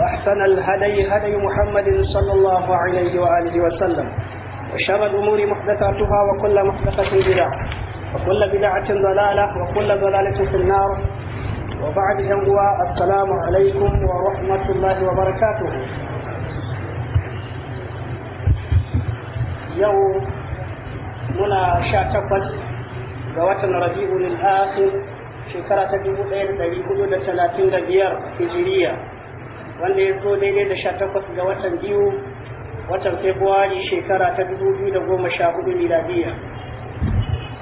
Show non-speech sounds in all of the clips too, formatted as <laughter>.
وأحسن الهدي هدي محمد صلى الله عليه وآله وسلم وشر الأمور محدثاتها وكل محدثة بدعة وكل بدعة ضلالة وكل ضلالة في النار وبعد هو السلام عليكم ورحمة الله وبركاته يوم منا شاكفت قوات ربيع الآخر شكرة دبو ليل دبو لتلاتين في هجرية wanda ya zo daidai da sha takwas ga watan biyu watan februari shekara ta dubu biyu da goma sha hudu miladiya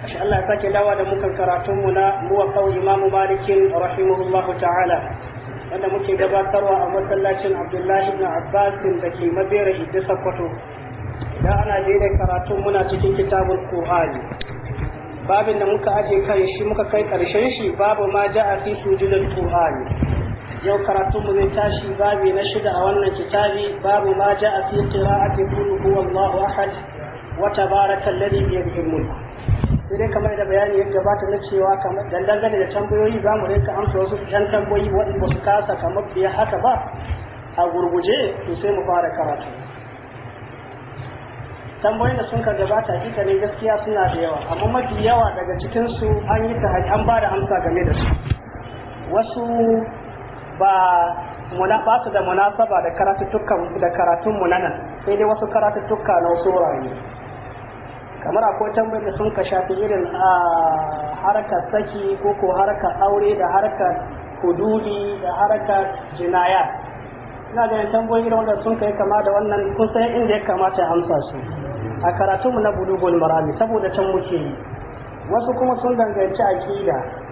ashe Allah ya sake dawa da mukan karatunmu na kawo imamu malikin rahimahullahu ta'ala wanda muke gabatarwa a masallacin abdullahi ibn abbas da ke mabera hidda sakwato idan ana daidai karatun muna cikin kitabul qur'ani babin da muka ajiye kai shi muka kai karshen shi babu ma ja'a fi sujudul qur'ani yau mu zai tashi babi na shida a wannan kitabi babu ma ja a fi qira'ati qul huwallahu ahad wa tabaraka alladhi bi yadihi mulk sai dai kamar da bayani ya gabata na cewa kamar dan dangane da tambayoyi za mu rinka amsa wasu dan tambayoyi waɗanda ba su kasa kamar fiye haka ba a gurguje to sai mu fara karatu tambayoyin da sun ka gabata hakika ne gaskiya suna da yawa amma mafi yawa daga cikinsu an yi ta an ba da amsa game da su wasu ba muna su da munasaba da karatuttukan da karatun mu nan sai dai wasu karatuttuka na wasu wurare kamar akwai tambayar da sun ka shafi irin a harkar saki ko ko harkar aure da harkar hududi da harkar jinaya ina ganin tambayoyi irin wanda sun kai kama da wannan kun san inda ya kamata ya amsa su a karatunmu na bulugul marami saboda can muke yi wasu kuma sun danganci aƙida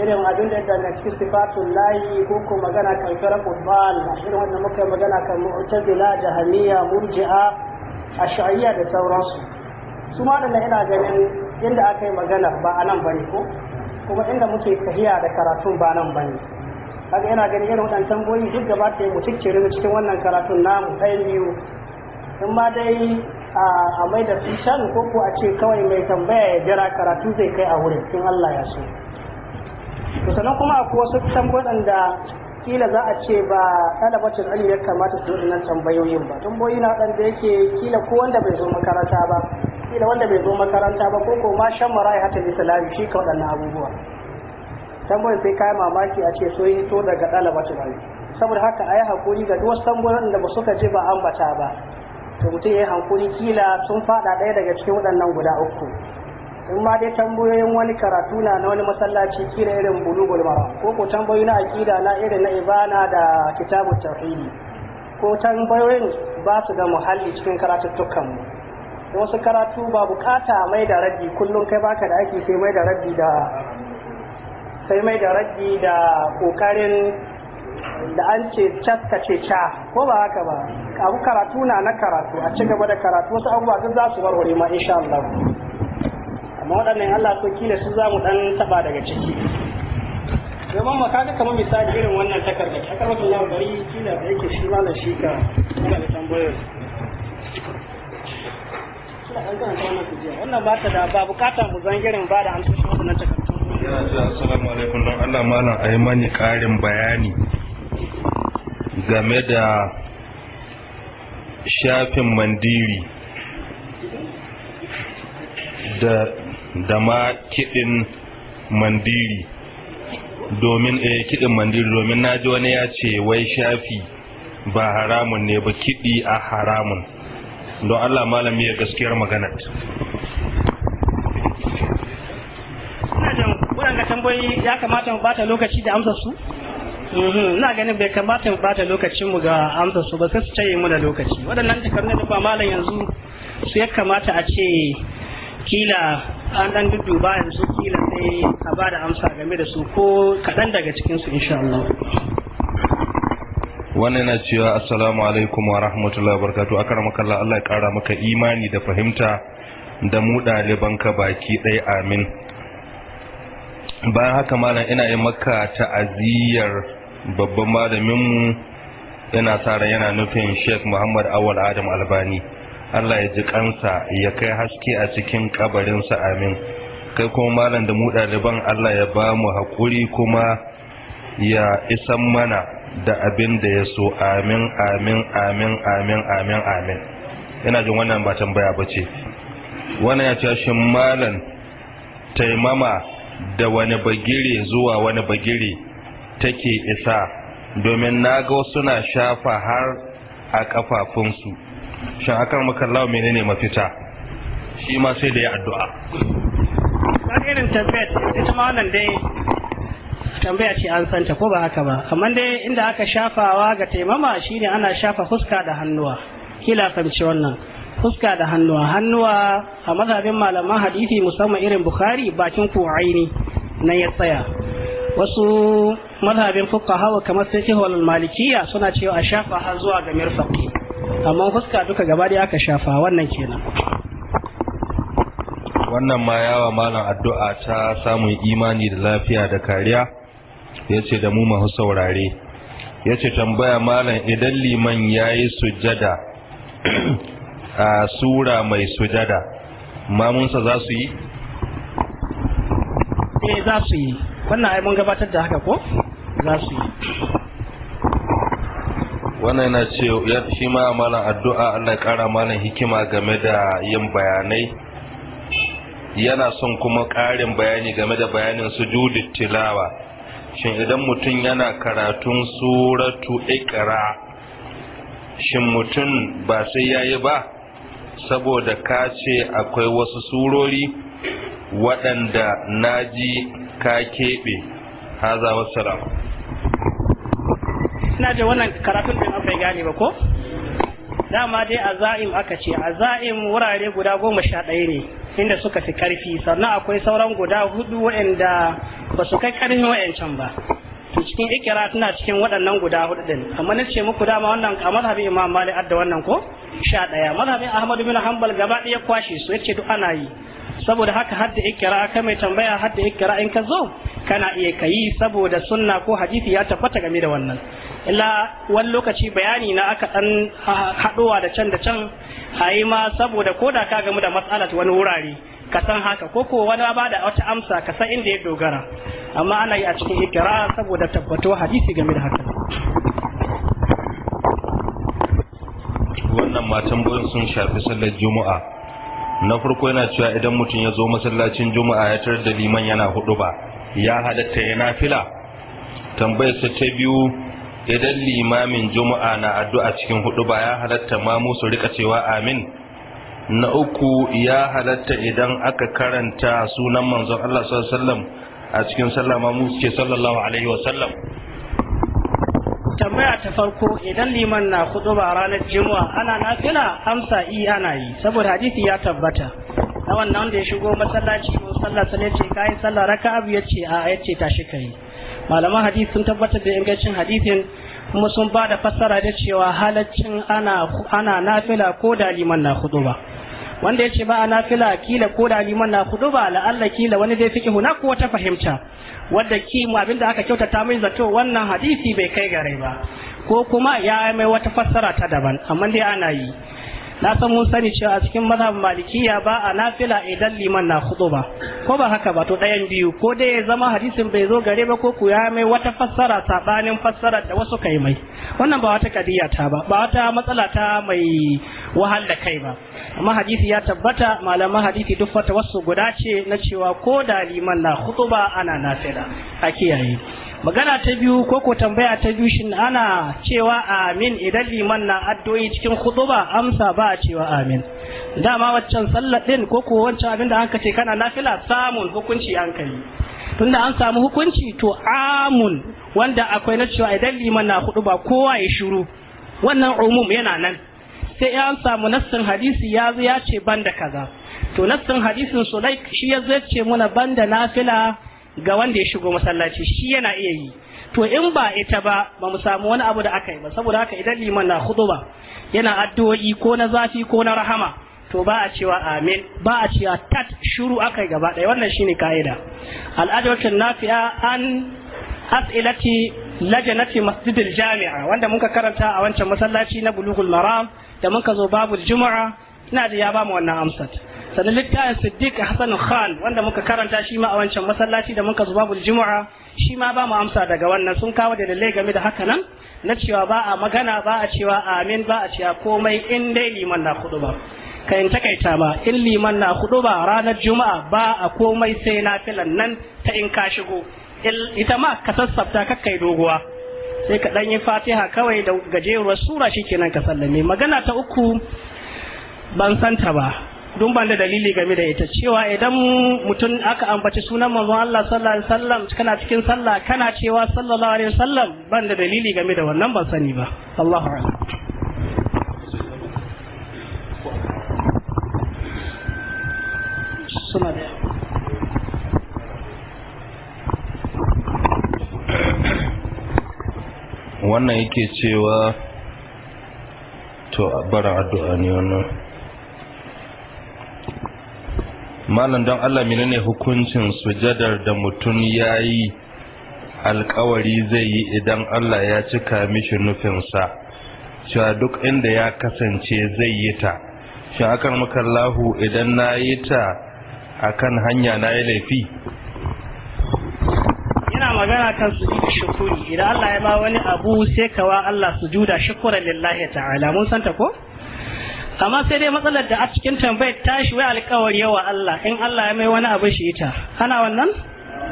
irin abin da na cikin sifatun layi ko ko magana kan shara a irin wanda muka magana kan mu'tazila jahamiya murji'a ash'ariyya da sauransu su ma da ina ganin inda aka yi magana ba a nan bane ko kuma inda muke tahiya da karatun ba nan bane kaga ina ganin irin waɗancan tamboyi duk gaba ta yi mu ciccire cikin wannan karatun namu ɗayan biyu in ma dai a mai da su shan ko a ce kawai mai tambaya ya jira karatu zai kai a wurin in Allah ya so to sannan kuma akwai wasu tambayoyin da kila za a ce ba ɗalibacin ilimi ya kamata su yi tambayoyin ba tambayoyi na waɗanda yake kila ko wanda bai zo makaranta ba kila wanda bai zo makaranta ba ko ko ma shan mara'i hatta islami shi ka waɗannan abubuwa tambayoyin sai kayan mamaki a ce so yi to daga ɗalibacin ilimi saboda haka a yi haƙuri ga duk tambayoyin da ba suka je ba ambata ba to mutum ya yi haƙuri kila sun faɗa ɗaya daga cikin waɗannan guda uku in ma dai tambayoyin wani karatu na na wani masallaci kira irin bulugul mara ko ko tambayoyi na akida na irin na ibana da kitabu tauhidi ko tambayoyin ba su da muhalli cikin karatuttukan mu da wasu karatu ba bukata mai da raddi kullum kai baka da aiki sai mai da raddi da sai mai da raddi da kokarin da an ce ce ca ko ba haka ba abu karatu na na karatu a ci gaba da karatu wasu abubuwa duk za su warware ma insha Allah amma waɗannan Allah so kila su za mu ɗan taɓa daga ciki domin ma kaga kamar misali irin wannan takarda takarda mutum ya bari kila da yake shi malam shi ka kuma da tambayar kila an gana wannan kujiya wannan ba ta da ba bukata mu zangirin ba da amsoshi wannan takarda assalamu alaikum don Allah malam yi mani karin bayani game da shafin mandiri da da ma kiɗin mandiri domin eh kiɗin mandiri domin na ji wani ya ce wai shafi ba haramun ne ba kiɗi a haramun don Allah malami ya gaskiyar magana waɗanda tambayi ya kamata mu bata lokaci da amsa su mhm, ina ganin bai kamata mu bata lokacin mu ga amsa su ba sai su tsaye mu da lokaci waɗannan takardun da ba malam yanzu su ya kamata a ce kila an dan dudduba yanzu kila sai a ba da amsa game da su ko kaɗan daga cikinsu insha Allah. wannan na cewa assalamu alaikum wa rahmatullahi wa barakatu akar makalla Allah ya kara maka imani da fahimta da mu ka baki ɗaya amin bayan haka malam ina yin maka ta'aziyyar babban malaminmu yana sa yana nufin sheikh muhammad awal adam albani Allah ya ji kansa ya kai haske a cikin kabarinsa amin kai kuma malam da mu ɗaliban Allah ya ba mu haƙuri kuma ya isan mana da abin da ya so amin amin amin amin amin amin ina jin wannan ba tambaya ba ce wannan ya ce shin malam taimama da wani bagire zuwa wani bagire take isa domin na ga suna shafa har a kafafunsu shi akan makallawa menene mafita shi ma sai da ya addu'a irin tambayar ita ma wannan dai tambaya ce an santa ko ba haka ba amma dai inda aka shafawa ga taimama shine ana shafa fuska da hannuwa kila fahimci wannan fuska da hannuwa hannuwa a mazhabin malaman hadisi musamman irin bukhari bakin ku aini na ya tsaya wasu mazhabin fuqaha kamar sai maliki malikiya suna cewa a shafa har zuwa ga mirfaqi amma fuska duka gaba da aka shafa wannan kenan wannan ma yawa malam addu'a ta samun imani da lafiya da kariya ya ce da mu mahu saurare ya ce tambaya malam idan liman ya yi sujada <clears throat> a sura mai sujada mamunsa za su yi? eh za su yi wannan ai mun gabatar da haka ko za su yi wannan yana ce ya shi ma malam addu'a Allah ya kara malam hikima game da yin bayanai yana son kuma karin bayani game da bayanin sujudi tilawa shin idan mutum yana karatun suratu ikra shin mutum ba sai yayi ba saboda ka ce akwai wasu surori waɗanda naji ka keɓe haza wasu ina je wannan karatun da bai gane ba ko dama dai a za'im aka ce a azaim wurare guda goma sha ɗaya ne inda suka fi karfi sannan akwai sauran guda hudu waɗanda ba su kai karfin wa'ancan ba to cikin ikira suna cikin waɗannan guda hudu din amma na ce muku dama wannan a mazhabin imam malik adda wannan ko sha ɗaya mazhabin ahmad bin hanbal gaba ɗaya kwashe su yace duk ana yi saboda haka hadda ikira ka mai tambaya hadda ikira in ka zo kana iya kayi saboda sunna ko hadisi ya tabbata game da wannan illa wani lokaci bayani na aka dan haduwa da can da can ayi ma saboda koda ka gamu da matsalar wani wurare ka san haka ko ko wani ba da wata amsa ka san inda ya dogara amma ana yi a cikin ikira saboda tabbato hadisi game da haka wannan matan gurin sun shafi sallar juma'a na farko yana cewa idan mutum ya zo masallacin juma'a ya tarar da liman yana hudu ba ya halatta ya nafila tambayar sa ta biyu idan limamin juma'a na addu'a cikin hudu ba ya halatta ma musu rika cewa amin na uku ya halatta idan aka karanta sunan manzon Allah sallallahu alaihi wasallam a cikin sallama mu ce sallallahu alaihi wasallam tambaya ta farko idan liman na ba ranar juma'a ana nafila amsa i ana yi saboda hadisi ya tabbata na wannan wanda ya shigo masallaci ko sallah sai ce kai sallah ce ya yace a ta shi kai malaman hadisi sun tabbatar da ingancin hadisin kuma sun ba da fassara da cewa halaccin ana ana nafila ko da liman na ba. wanda ya ce ba a nafila kila ko da liman na hudu ba la'alla kila wani dai fiki huna ko wata fahimta wadda ki mu abinda aka kyautata mai zato wannan hadisi bai kai gare ba ko kuma ya mai wata fassara ta daban amma dai ana yi na san mun sani cewa a cikin mazhabin malikiya ba a nafila idan liman na hudu ba ko ba haka ba to ɗayan biyu ko dai ya zama hadisin bai zo gare ba ko ku ya mai wata fassara sabanin fassara da wasu kai mai wannan ba wata kadiya ba ba wata matsala ta mai wahal da kai ba amma hadisi ya tabbata malaman hadisi duk wasu guda ce na cewa ko da liman na khutuba ana nafila a kiyaye magana ta biyu ko ko tambaya ta biyu shin ana cewa amin idan liman na addu'o'i cikin khutuba amsa ba a cewa amin dama waccan sallar din ko ko wancan abin da anka ce kana nafila samun hukunci an kai tunda an samu hukunci to amun wanda akwai na cewa idan liman na khutuba kowa ya shiru wannan umum yana nan sai an samu nassin hadisi ya ziyace ya ce banda kaza to nassin hadisin sulaik shi ya zai ce muna banda nafila ga wanda ya shigo masallaci shi yana iya yi to in ba ita ba ba mu samu wani abu da aka yi ba saboda haka idan liman na ba yana addu'o'i ko na zafi ko na rahama to ba a cewa amin ba a cewa tat shuru aka yi gaba ɗaya wannan shine ka'ida na nafi'a an as'ilati lajanati masjidil jami'a wanda muka karanta a wancan masallaci na bulughul maram da muka zo babu juma'a ina da ya bamu wannan amsar sannan littafin siddiq hasan khan wanda muka karanta shi ma a wancan masallaci da muka zo babu juma'a shi ma bamu amsa daga wannan sun kawo da dalilai game da haka nan na cewa ba a magana ba a cewa amin ba a cewa komai in dai liman na hudu ba ka in takaita ma in liman na hudu ba ranar juma'a ba a komai sai na filan nan ta in ka shigo ita ma ka sassafta kakkai doguwa sai ka ɗan yi fatiha kawai da gajeruwar sura shikenan ka sallame magana ta uku ban santa ba don ban da dalili game da ita cewa idan mutum aka ambaci sunan manzon Allah sallallahu alaihi wasallam kana cikin sallah kana cewa sallallahu alaihi wasallam ban da dalili game da wannan ban sani ba Allahu akbar suna da wannan yake cewa to a bar addu'a ne wannan malam don Allah menene hukuncin sujadar da mutum ya yi alkawari zai yi idan Allah ya cika mishi nufinsa cewa duk inda ya kasance zai yi ta shi akan makallahu idan na yi ta akan hanya na yi laifi magana kan sujudu shukuri idan Allah ya ba wani abu sai ka wa Allah sujuda shukran lillahi ta'ala mun santa ko amma sai dai matsalar da a cikin tambayar tashi wai alkawari yawa Allah in Allah ya mai wani abu shi ita ana wannan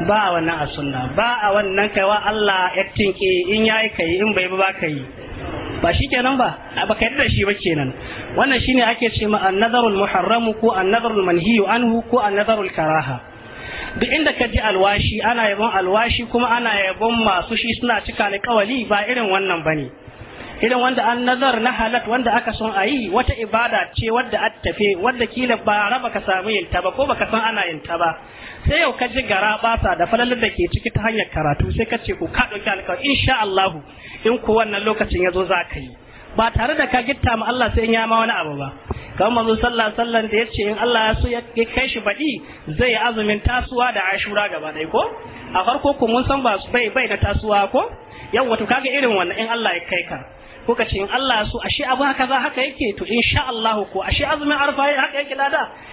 ba a wannan a sunna ba a wannan kai Allah ya tinke in yayi kai in bai ba ka yi ba shi ba ba kai da shi ba kenan wannan shine ake ce ma an-nazarul muharramu ko an-nazarul manhiyu anhu ko an-nazarul karaha duk inda ka ji alwashi ana yabon alwashi kuma ana yabon masu shi suna cika alƙawali ba irin wannan bane idan wanda an nazar na halat wanda aka son a yi wata ibada ce wadda a tafe wadda kila ba raba ka samu yin ta ba ko baka san ana yin ta ba sai yau ka ji gara basa da falalar da ke ciki ta hanyar karatu sai ka ce ku ka ɗauki alƙawari insha Allahu in ku wannan lokacin ya zo za ka yi ba tare da ka gitta ma Allah sai in ya ma wani abu ba kan manzo sallallahu alaihi wasallam da yace in Allah ya so ya kai shi baɗi zai yi azumin tasuwa da ashura gaba dai ko a farko kun mun san ba bai bai da tasuwa ko yawa to kaga irin wannan in Allah ya kai ka kuka ce in Allah ya so ashe abu haka za haka yake to insha Allah ko ashe azumin arfa haka yake da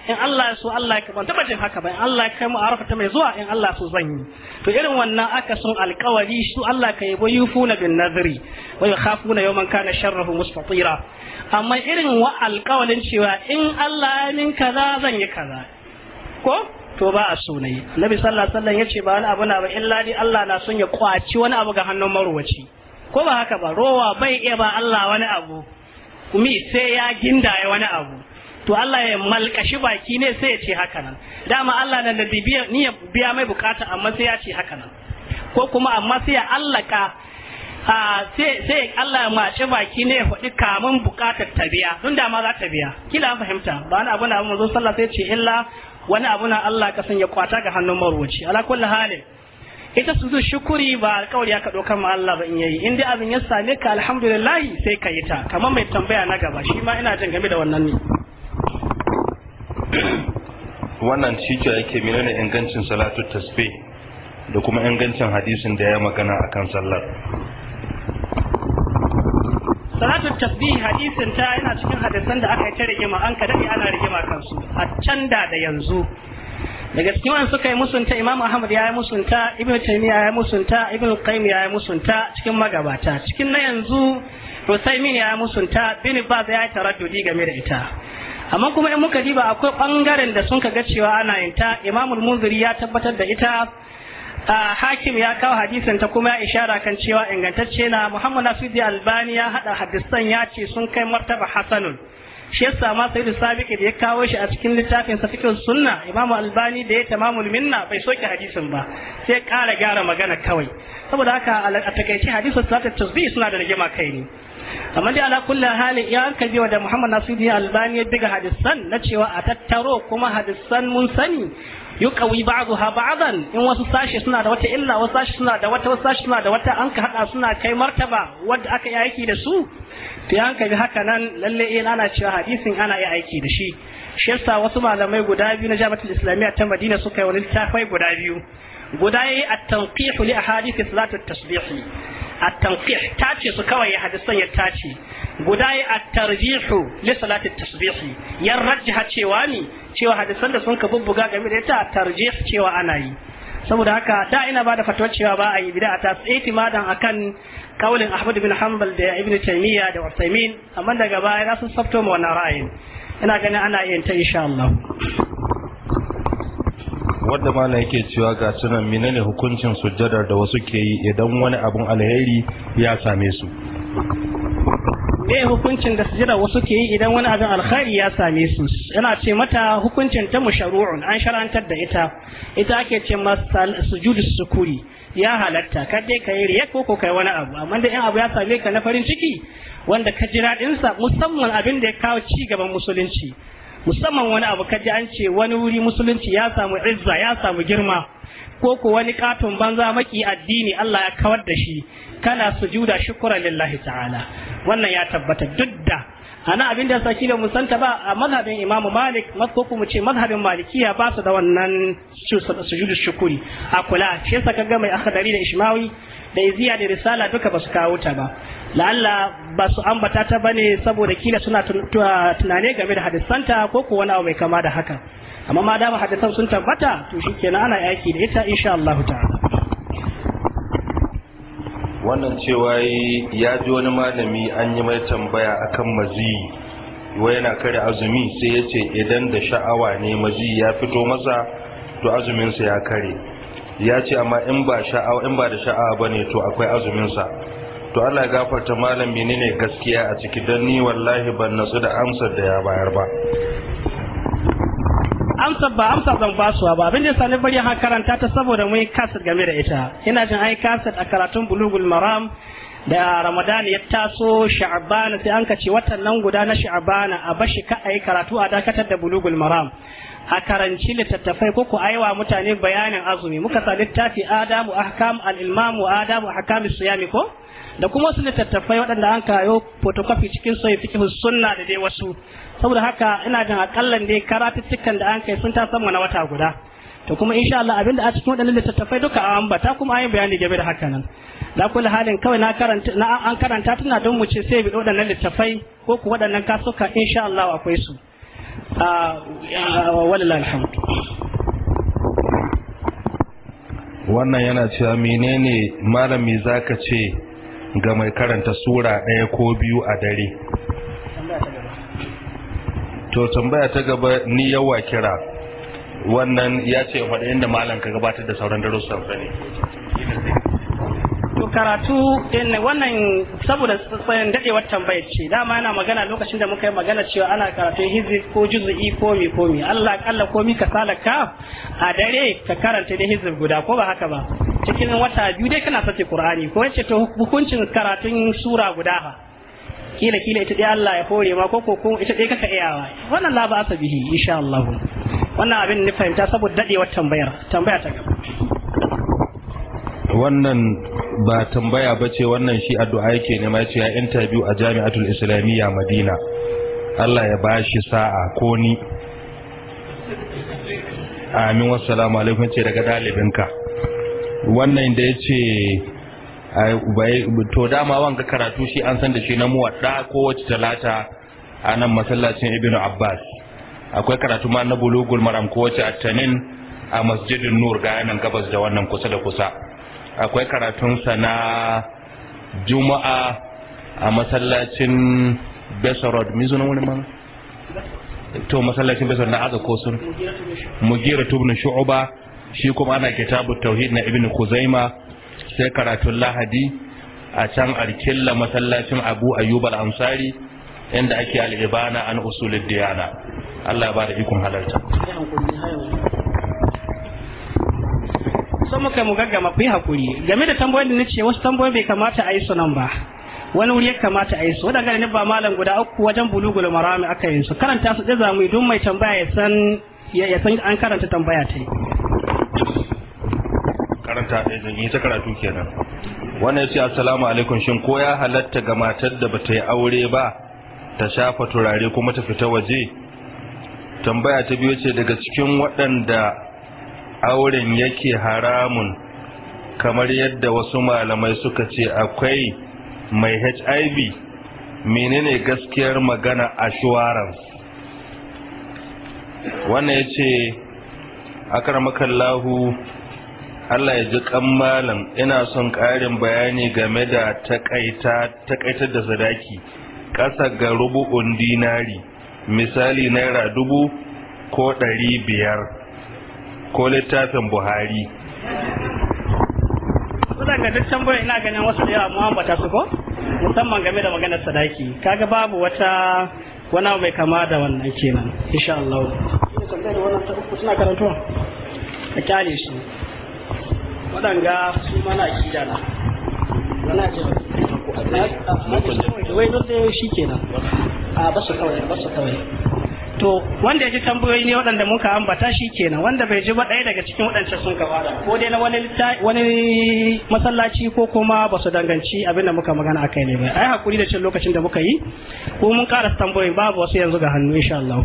in Allah ya so Allah ya kaban taba jin haka ba in Allah ya kai mu arfa ta mai zuwa in Allah so zan yi to irin wannan aka sun alƙawari su Allah ka yi yabo yufuna bin nadri wa yakhafuna yawman kana sharruhu mustatira amma irin wa alƙawarin cewa in Allah ya min kaza zan yi kaza ko to ba a so nayi Nabi sallallahu alaihi wasallam yace ba wani abu na ba illa dai Allah na son ya kwaci wani abu ga hannun marwaci ko ba haka ba rowa bai iya ba Allah wani abu kuma sai ya gindaye wani abu to Allah ya malkashi baki ne sai ya ce haka nan dama Allah na da bibiya ni ya biya mai bukata amma sai ya ce haka nan ko kuma amma sai ya allaka a sai sai Allah ya mace baki ne ya faɗi kamun bukatar ta biya don da ma za ta biya kila an fahimta ba wani abu na abu manzo sallah sai ce illa wani abu na Allah ka sanya kwata ga hannun marwaci ala kulli halin ita su shukuri ba alƙawari aka ɗaukar ma Allah ba in yayi in dai abin ya same ka alhamdulillah sai ka yi ta kamar mai tambaya na gaba shi ma ina jin game da wannan ne wannan ciki yake menene ingancin salatu tasbih da kuma ingancin hadisin da ya magana akan sallar salatu tasbih hadisin ta yana cikin hadisan da aka yi ta rigima an ka dade ana rigima kansu a can da da yanzu daga cikin wani suka yi musunta imam ahmad ya yi musunta ibn taymiya ya yi musunta ibn qayyim ya yi musunta cikin magabata cikin na yanzu usaimin ya yi musunta bin baz ya yi taraddudi game da ita amma kuma in muka diba akwai bangaren da sun ga cewa ana yin ta imamul munziri ya tabbatar da ita hakim ya kawo hadisin ta kuma ya ishara kan cewa ingantacce na muhammad nasiru albani ya hada hadisan ya ce sun kai martaba hasanul shi yasa ma sai da sabiki da ya kawo shi a cikin littafin sa fikin sunna imam albani da ya tamamul minna bai soke hadisin ba sai kara gyara magana kawai saboda haka a takaice hadisin salatul tasbih suna da rigima kai ne amma dai ala kulli halin ya an kalbi da muhammad nasiruddin albani ya biga hadisan na cewa a tattaro kuma hadisan mun sani yuqawi ba'daha ba'dan in wasu sashi suna da wata illa wasu sashi suna da wata wasu sashi suna da wata an ka hada suna kai martaba wadda aka yaki da su to ya bi haka nan lalle in ana cewa hadisin ana iya aiki da shi shi yasa wasu malamai guda biyu na jami'atul islamiyya ta madina suka yi wani littafai guda biyu guda yi at-tanqih li ahadith salatu at-tasbih at-tanqih tace su kawai ya hadisan ya tace guda yi at-tarjih li salatu at-tasbih ya rajjaha cewa ni cewa hadisan da sun ka bubbuga game da ita tarjih cewa ana yi saboda haka da ina ba da fatuwar cewa ba a yi bid'a ta itimadan akan kaulin Ahmad bin Hanbal da Ibn Taymiyyah da Uthaymeen amma daga baya na sun sabto mu wannan ra'ayin ina ganin ana yin ta insha Allah wanda mala yake cewa ga sunan menene hukuncin sujjadar da wasu ke yi idan wani abun alheri ya same su me hukuncin da sujjadar wasu ke yi idan wani abin alkhairi ya same su yana ce mata hukuncin ta musharu'un an sharantar da ita ita ake ce masa sujudu sukuri ya halatta ka je ka yi riya ko kai wani abu amma da in abu ya same ka na farin ciki wanda ka ji daɗin musamman abin da ya kawo ci gaban musulunci musamman wani abu ka ji an ce wani wuri musulunci ya samu izza ya samu girma ko ko wani katon banza maki addini Allah ya kawar da shi kana sujuda shukran lillahi ta'ala wannan ya tabbata duk da ana abin da saki da musanta ba a mazhabin imamu malik ko kuma ce mazhabin malikiya ba su da wannan sujudu shukuri a kula shi yasa kaga mai akhdari da ishmawi da iziya da risala duka ba su kawo ta ba la'alla ba su ambata ta ne saboda kila suna tunane game da hadisanta ko ko wani abu mai kama da haka amma madama hadisan sun tabbata to shikenan ana yaki da ita insha Allah ta'ala wannan cewa ya ji wani malami an yi mai tambaya akan mazi wa yana kare azumi sai ya ce idan da sha'awa ne mazi ya fito masa to azuminsa ya kare ya ce amma in ba sha'awa in ba da sha'awa bane to akwai azuminsa to Allah gafarta malam menene gaskiya a ciki dan ni wallahi ban nasu da amsar da ya bayar ba amsa ba amsa zan basuwa ba abin da yasa bari ha karanta ta saboda mun kasat game da ita ina jin ai kasat a karatun bulugul maram da ramadan ya taso sha'abana sai an kace watan nan guda na sha'abana a bashi ka ai karatu a dakatar da bulugul maram a karanci littattafai ko ku aiwa mutane bayanin azumi muka sa littafi adamu ahkam al-imam wa adamu ahkam as-siyam ko da kuma wasu littattafai waɗanda an kayo photocopy cikin soyayya fiqh sunna da dai wasu saboda haka ina jin akallan dai karatuttukan da an kai sun ta samu na wata guda to kuma insha Allah abinda a cikin waɗannan littattafai duka a ambata kuma ayin bayani game da haka nan da kullu halin kawai na karanta na an karanta tana don mu ce sai bi waɗannan littattafai ko ku waɗannan kasuka insha Allah akwai su Ah, walla alhamdu wannan yana cewa menene malami zaka ce ga mai karanta sura ɗaya ko biyu a dare to tambaya ta gaba ni yawa kira wannan ya ce faɗa inda malam ka gabatar da sauran darussan ne to karatu in wannan saboda tsayin dadewar tambayar ce dama yana magana lokacin da muka yi magana cewa ana karatu hizbi ko juz'i ko mi ko mi Allah kalla ko mi ka salaka a dare ka karanta da hizbi guda ko ba haka ba cikin wata biyu dai kana sace Qur'ani ko yace to hukuncin karatun sura guda ha kila kila ita dai Allah ya hore ma ko ko ita dai kaka iyawa wannan la ba asabihi insha Allah wannan abin ni fahimta saboda dadewar tambayar tambaya ta gaba wannan ba tambaya ba ce wannan shi addu'a yake nema ce ya interview a jami'atul islamiyya madina allah ya bashi sa'a ko ni amin wassalamu alaikum ce daga dalibinka wannan da ya ce to dama wanga karatu shi an san da shi na muwadda wacce talata a nan masallacin ibnu abbas akwai karatu ma na bulugul maram kowace attanin a masjidin nur ga yanan gabas da wannan kusa da kusa akwai karatunsa na juma'a a masallacin besarod mizunan wani ma? to masallacin besarod na aza ko sun mugira tubun shu'uba shi kuma ana kitabu tauhid na Ibnu kuzaima sai karatun lahadi a can arkilla masallacin abu ayyub al-ansari inda ake al'ibana an usulid diyana Allah ba da ikon halarta so muka mu gaggama ku yi hakuri game da tambayoyin da nace wasu tambayoyin bai kamata a yi su nan ba wani wuri ya kamata a yi su wadanda ne ba malam guda uku wajen bulugul marami aka yi su karanta su da zamu don mai tambaya ya san ya san an karanta tambaya ta yi karanta da yi ta karatu kenan wannan yace assalamu alaikum shin ko ya halatta ga matar da bata yi aure ba ta shafa turare kuma ta fita waje tambaya ta biyu ce daga cikin waɗanda auren yake haramun kamar yadda wasu malamai suka ce akwai mai hiv menene gaskiyar magana assurance wannan ya ce akarmakallahu allah ya ji malam ina son ƙarin bayani game da takaitar da sadaki ƙasa ga rubu'un dinari misali naira dubu ko ɗari biyar ko littafin buhari kusan ga duk tambayoyi ina ganin wasu da yawa mu ambata su ko musamman game da maganar sadaki kaga babu wata wani abu mai kama da wannan kenan insha Allah suna karantuwa a kyale shi waɗanga su mana akida na wana ce wai don da shi kenan a basu kawai basu kawai to wanda ya ji tambayoyi ne waɗanda muka ambata shi kenan wanda bai ji ba ɗaya daga cikin waɗancan sun ka ko dai na wani masallaci ko kuma ba su danganci abin da muka magana akai ne ba ai hakuri da cin lokacin da muka yi ko mun ƙara tambayoyi babu wasu yanzu ga hannu insha Allah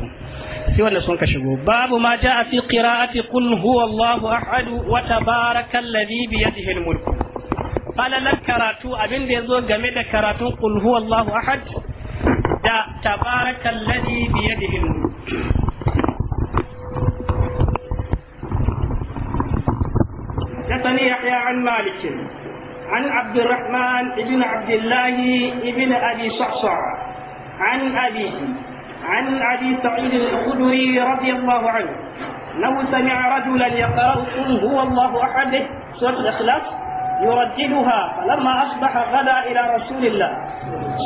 sai wanda sun ka shigo babu ma ja'a fi qira'ati qul huwallahu ahad wa tabarakallazi bi yadihi almulk falalan karatu abin da yazo game da karatun qul huwallahu ahad تبارك الذي بيده حدثني يحيى عن مالك عن عبد الرحمن بن عبد الله بن ابي شعشع عن ابيه عن ابي سعيد الخدري رضي الله عنه انه سمع رجلا يقرا قل هو الله احد سوره الاخلاص يرددها فلما أصبح غدا إلى رسول الله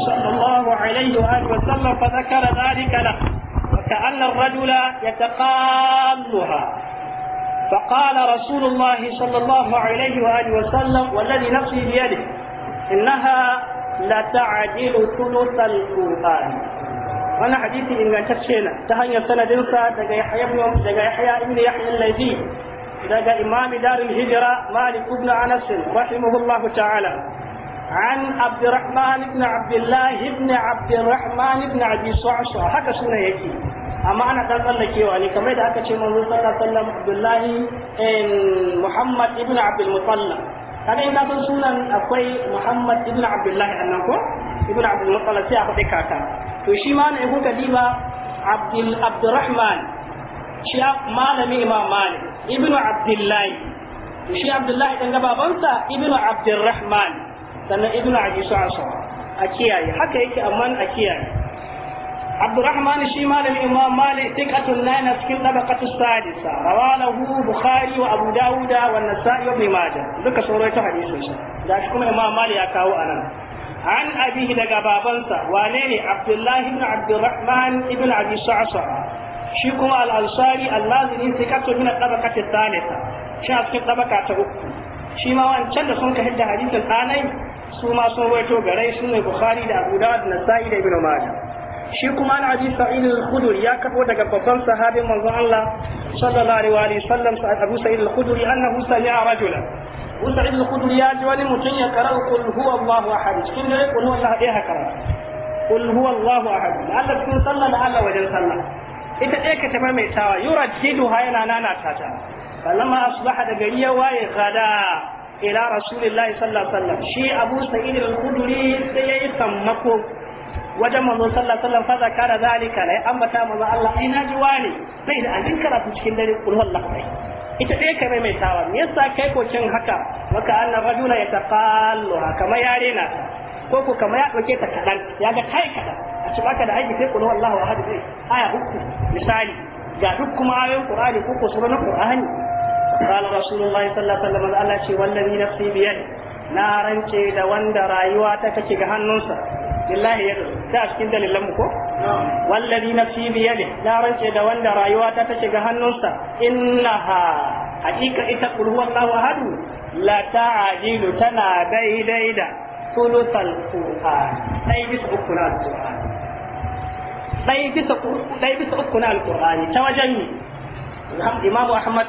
صلى الله عليه وآله وسلم فذكر ذلك له وكأن الرجل يتقالها فقال رسول الله صلى الله عليه وآله وسلم والذي نفسي بيده إنها لتعجل ثلث القرآن وانا حديثي إن تكشينا تهيأ سندنسا دقا يحيى بن يحيى ابن يحيى الليثي daga imami darul hijira malik ibn anas rahimahullahu ta'ala an abdurrahman ibn abdullah ibn abdurrahman ibn abi su'sa haka suna yake amma ana dan tsallakewa ne kamar da aka ce manzo sallallahu alaihi wasallam abdullahi muhammad ibn abdul muttalib kada in san sunan akwai muhammad ibn abdullahi annan ko ibn abdul muttalib sai aka kaka to shi ma na ibn kadiba abdul abdurrahman shi malami imam malik ibnu abdullahi shi abdullahi dan babansa ibnu abdurrahman sannan ibnu abi sa'sa a kiyaye haka yake amma a kiyaye abdurrahman shi malam imam malik thiqatun lana cikin tabaqatu sadisa rawalahu bukhari wa abu dawud wa an-nasa'i wa ibn majah duka sauran ta hadisin shi da shi kuma imam malik ya kawo anan an abihi daga babansa wane ne abdullahi ibn abdurrahman ibn abi sa'sa shi kuma al-ansari al-mazini thiqatu min al-tabaqati thalitha shi a cikin tabaka ta uku shi ma wancan da sun ka hidda hadisin tsanai su ma sun rawaito garai su ne bukhari da abu dawud da nasa'i da ibnu majah shi kuma an abi sa'id al-khudri ya kafo daga babban sahabin manzon Allah sallallahu alaihi wa sallam abu sa'id al-khudri annahu sami'a rajulan abu sa'id al-khudri ya ji wani mutum ya karau qul huwa Allahu ahad cikin dare qul huwa Allahu ahad qul huwa Allahu ahad Allah cikin sallah da Allah wajen sallah ita ɗaya ka tafi mai tawa yura jidu ha yana nanata ta falamma asbaha da gari ya waye gada ila rasulillahi sallallahu alaihi wasallam shi abu sa'id al-khudri sai yayi sammako wajen manzo sallallahu alaihi wasallam fa zakara zalika la ambata manzo Allah ai naji wani sai da an karatu cikin dare kul wallahu kai ita ɗaya kai mai tawa me yasa kai ko cin haka maka anna rajula yataqallu haka ma yare na ta ko ko kamar ya ɗauke ta kaɗan ya ga kai kaɗan a ci baka da aiki sai kulu wa hadu. zai aya uku misali ga duk kuma ayoyin qur'ani ko ko sura na qur'ani قال رسول الله صلى الله عليه وسلم الله شي والذي نفسي بيده نارن ce da wanda rayuwa ta kake ga hannunsa billahi yadu ta cikin dalilan mu ko wallazi nafsi biyadi naran ce da wanda rayuwa ta kake ga hannunsa innaha hakika ita qul huwallahu ahad la tana daidai da ثلث القرآن ɗaya bisa uku na alƙur'ani ɗaya bisa ɗaya bisa uku na alƙur'ani ta wajen ne Imam Ahmad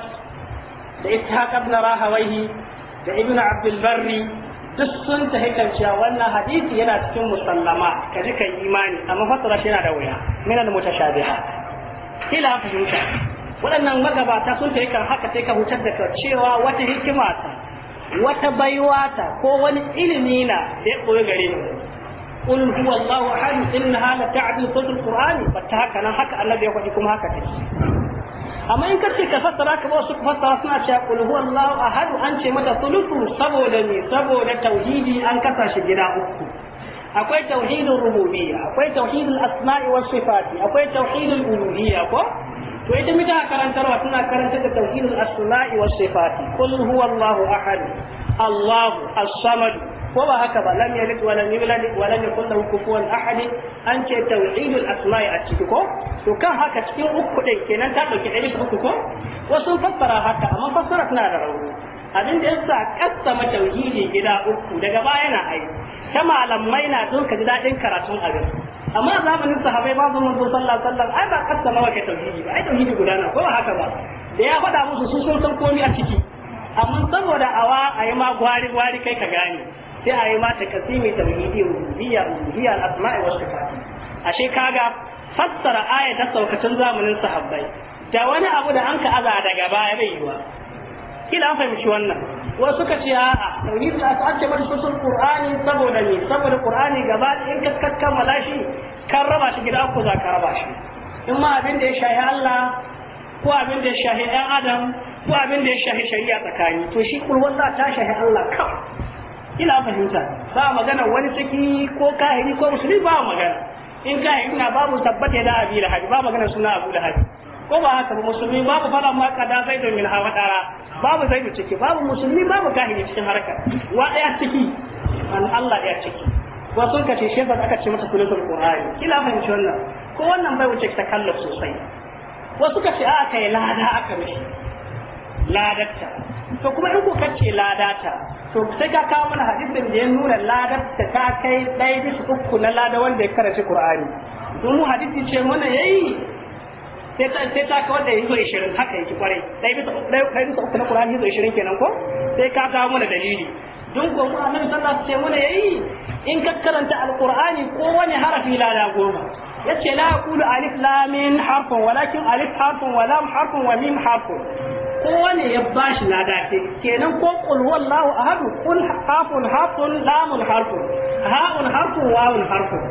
da Ishaq ibn Rahawayhi da Ibn Abdul Barri duk sun ta hikan cewa wannan hadisi yana cikin musallama ka ji kan imani amma fasara shi yana da wuya min al mutashabiha ila fahimta waɗannan magabata sun ta hikan haka sai ka hutar da cewa wata hikima ta wata baiwa ta ko wani ilimi na da ya koyi gare ni qul huwa allah ahad innaha la ta'dil sawtul qur'an fatta haka nan haka annabi ya faɗi kuma haka take amma in kace ka fassara ka wasu fassara suna cewa qul huwa allah ahad an ce mata sulutu saboda ne saboda tauhidi an kasa shi gida uku akwai tauhidul rububiyya akwai tauhidul asma'i was sifati akwai tauhidul uluhiyya ko to ita mita karantarwa tana karanta da tauhidul asma'i was sifati qul huwallahu ahad Allahu as-samad ko ba haka ba lam yalid wa lam yulad wa lam yakul lahu kufuwan ahad an ce tauhidul asma'i a ciki ko to kan haka cikin uku din kenan ta dauki ɗaya uku ko wasu fassara haka amma fassara tana da rauni abin da yasa kassama tauhidi gida uku daga baya na ai ta malamai na don ka ji daɗin karatun abin amma zamanin sahabai ba manzo sallallahu sallah sallah ai ba kasta nawa kai tauhidi ba ai tauhidi gudana ko haka ba da ya faɗa musu su sun san komai a ciki amma saboda awa a yi ma gwari gwari kai ka gane sai a yi ma ta kasimi tauhidi wa rububiyya al-asma'i wa sifati ashe kaga fassara ayatar saukacin zamanin sahabbai da wani abu da an ka aza daga baya bai yiwa kila an fahimci wannan wasu suka ce a'a tauhid da aka ce mana sosul qur'ani saboda ni saboda qur'ani gaba in ka maza shi kan raba shi gida ko za ka raba shi in ma abin da ya shahi Allah ko abin da ya shahi ɗan adam ko abin da ya shahi shari'a tsakani to shi kulwar za ta shahi Allah kawai ina fahimta ba magana wani ciki ko kahiri ko musulmi ba magana in kahiri na babu tabbata da abu da lahabi ba magana suna abu da lahabi ko ba haka ba musulmi babu fara ma kada zai da min hawadara babu zai ciki babu musulmi babu kahiri cikin harkar wa ya ciki an Allah ya ciki wa sun kace shi ba aka ce mata suratul qur'ani kila fahimci wannan ko wannan bai wuce ta kallo sosai wasu ka ce aka yi lada aka mishi ladatta to kuma in ku kace ladata to sai ka kawo mana hadisin da ya nuna ladatta ta kai ɗaya bisa uku na lada wanda ya karanta qur'ani domin hadisi ce mana yayi sai ta sai ta kawar da hizo 20 haka yake kwarai dai bisa dai bisa uku na Qur'ani hizo 20 kenan ko sai ka kawo mana dalili don ko mu annabi sallallahu alaihi wasallam yayi in ka karanta alqur'ani ko wani harafi da goma yace la aqulu alif lam min harfun walakin alif harfun wa lam harfun wa mim harfun ko wani ya bashi lada ce kenan ko qul wallahu ahad qul hafun harfun lamun harfun haun harfun wawun harfun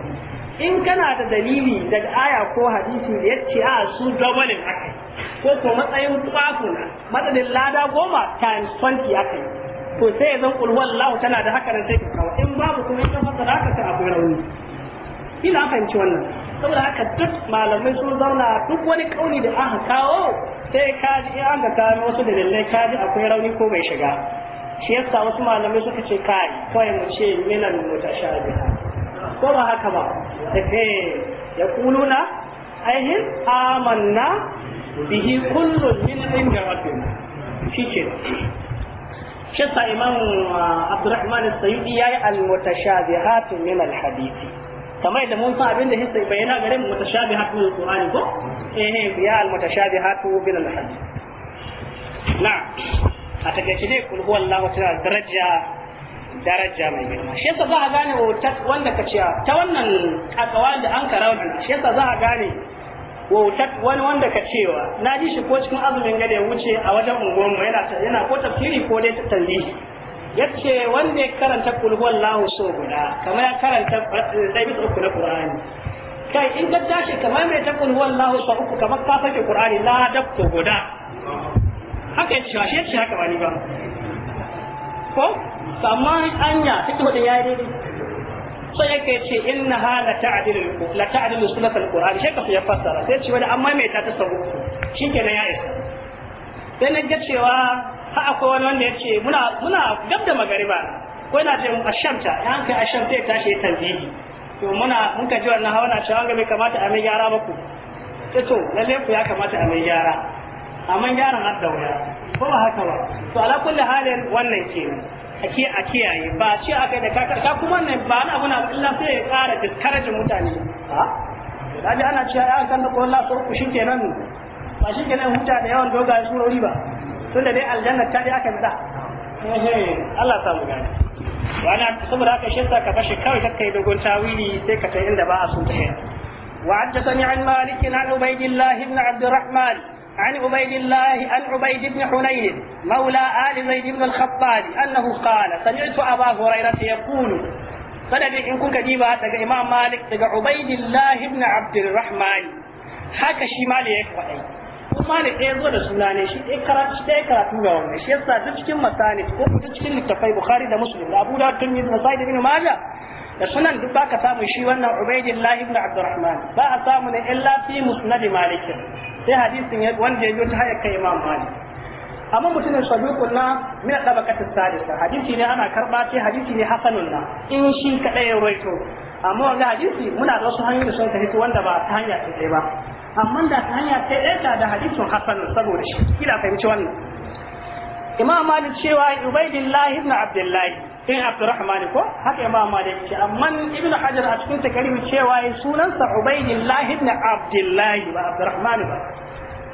in kana da dalili daga aya ko hadisi da yace a ah, su doubling akai ko ko matsayin na madadin lada goma times 20 akai to sai ya zan kulhu Allah tana da haka da take kawo in babu kuma in ka da haka akwai rauni ina fahimci wannan saboda haka duk malamai sun zauna duk wani kauni da aka kawo sai ka ji an ga wasu dalilai ka ji akwai rauni ko bai shiga shi yasa wasu malamai suka ce kai kawai mu ce minan mutashabiha ko ba haka ba take ya kuluna ainihin amanna bihi kullun min inda rabbina shi ce shi sa imam uh, abdurrahman as-sayyidi yayi al-mutashabihat min al-hadisi kamar da mun san abin da hissa bayyana gare mu mutashabihat min al-qur'ani ko eh, eh al min al na daraja daraja mai girma shi yasa za a gane wanda ka ciya ta wannan kakawa da an karawa shi yasa za a gane wautar wani wanda ka cewa na ji shi ko cikin azumin gada ya wuce a wajen unguwar yana yana ko tafsiri ko dai ta Ya yace wanda ya karanta kul huwallahu so guda kamar ya karanta dai eh, uku na qur'ani kai in ka tashi kamar mai ta kul huwallahu so uku kamar ka sake qur'ani la dakto guda haka yace shi haka ba ni ba ko to amma anya fiqh din yayi daidai so yake ce inna ha la ta'dilu la ta'dilu sunnat al-qur'an shi ka ya fassara sai ce wani amma mai ta tasawu shikenan ya isa sai na ga cewa ha akwai wani wanda ya ce muna muna gab da magariba ko yana ce mun ashamta ya hanka ashamta ya tashi tanzihi to muna mun ka ji wannan hawa na cewa ga bai kamata a mai gyara muku sai to lalle ku ya kamata a mai gyara amma gyaran har da wuya ko ba haka ba to ala kulli halin wannan kenan ake a kiyaye ba ce aka da ka ka kuma ne ba na abuna illa sai ya kara diskarajin mutane ha kaji ana cewa ya san da ko Allah so ku nan ba shikenan huta da yawan dogaye surori ba tunda dai aljanna ta dai aka yi da Allah ta mu gani wani saboda haka shi ka fashe kawai kakkai dogon tawili sai ka kai inda ba a sun ta wa haddathani an malik an ubaydillah ibn abd عن عبيد الله عن عبيد بن حنين مولى آل زيد بن الخطاب أنه قال سمعت أبا هريرة يقول sanadin in kuka diba daga Imam Malik daga Ubaidillah ibn Abdurrahman haka shi Malik ya faɗa kuma Malik zo da suna ne shi ɗaya karatu shi ɗaya karatu ga wannan shi yasa duk cikin ko duk cikin littafai Bukhari da Muslim da Abu Dawud da Sa'id Majah da sunan duk baka samu shi wannan Ubaidillah ibn Abdurrahman ba a samu ne illa fi musnad Malik sai hadisin ya wanda ya yi ta haya kai imam mali amma mutumin saduqun na min tabaqatis sadisa hadisi ne ana karba ce hadisi ne hasanun na in shi kadai ya rawaito amma wannan hadisi muna da wasu hanyoyi da sun tafi wanda ba ta hanya ta ba amma da ta hanya ta da hadisin hasanun saboda shi kila fahimci wannan imam malik cewa ubaidillahi ibn abdullahi in abdurrahman ko haka imam malik ce amma ibn hajar a cikin takarimi cewa sunan sa ubaidillahi ibn abdullahi ba abdurrahman ba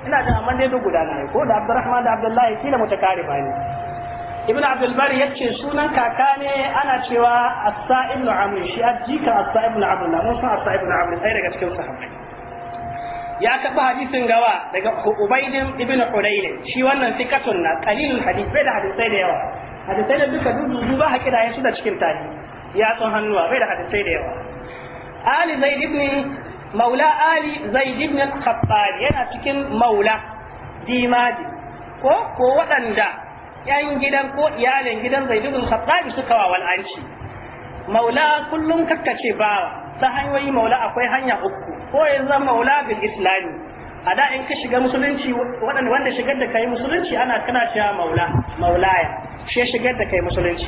ina da amma dai duk guda ne ko da abdurrahman da abdullahi kila mutakariba ne ibn abdul bar yace sunan kaka ne ana cewa as-sa ibn amr shi ajika as-sa ibn abdullah mun san as-sa ibn amr sai daga cikin sahabbai ya kafa hadisin gawa daga ubaidin ibn hulayn shi wannan sikatun na qalilul hadith bai da hadisai da yawa hadisai da duka dudu duba haƙi da su da cikin tahi ya son hannuwa bai da hadisai da yawa ali zaid ibn maula ali zaid ibn al-khattab yana cikin maula dimaji ko ko waɗanda yan gidan ko iyalin gidan zaid ibn al-khattab suka wa wal'anci maula kullum kakkace bawa ta hanyoyi maula akwai hanya uku ko ya zama maula bil islami a da in ka shiga musulunci waɗanda wanda shigar da kai musulunci ana kana cewa maula maulaya shi shigar da kai musulunci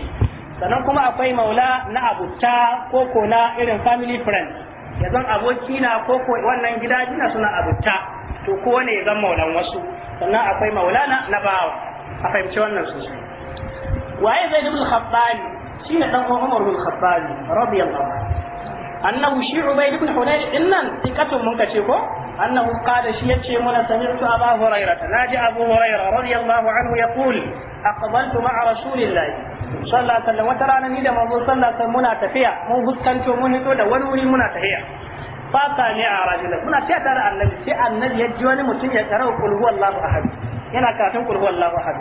sannan kuma akwai maula na abuta ko ko na irin family friend ya zan aboki na ko ko wannan gida jina suna abuta to ko wane ya zan maulan wasu sannan akwai maula na na bawa a fahimci wannan sosai waye zai dubul khabbani shine dan Umar bin Khabbani radiyallahu anhu أنه شيع عبيد بن حنين إنن ثقة منكشفه أنه قال شيئا من سمعت أبا هريرة ناجي أبو هريرة رضي الله عنه يقول أقبلت مع رسول الله صلى الله عليه وسلم وترى أنا ميدا مو صلى الله عليه وسلم منا تفيا مو بسكنت ومن تولى ونوري منا تفيا فقال يا رجل منا تأثر أن النبي أن النبي يجواني متن هو الله أحد هنا كاتم قل هو الله أحد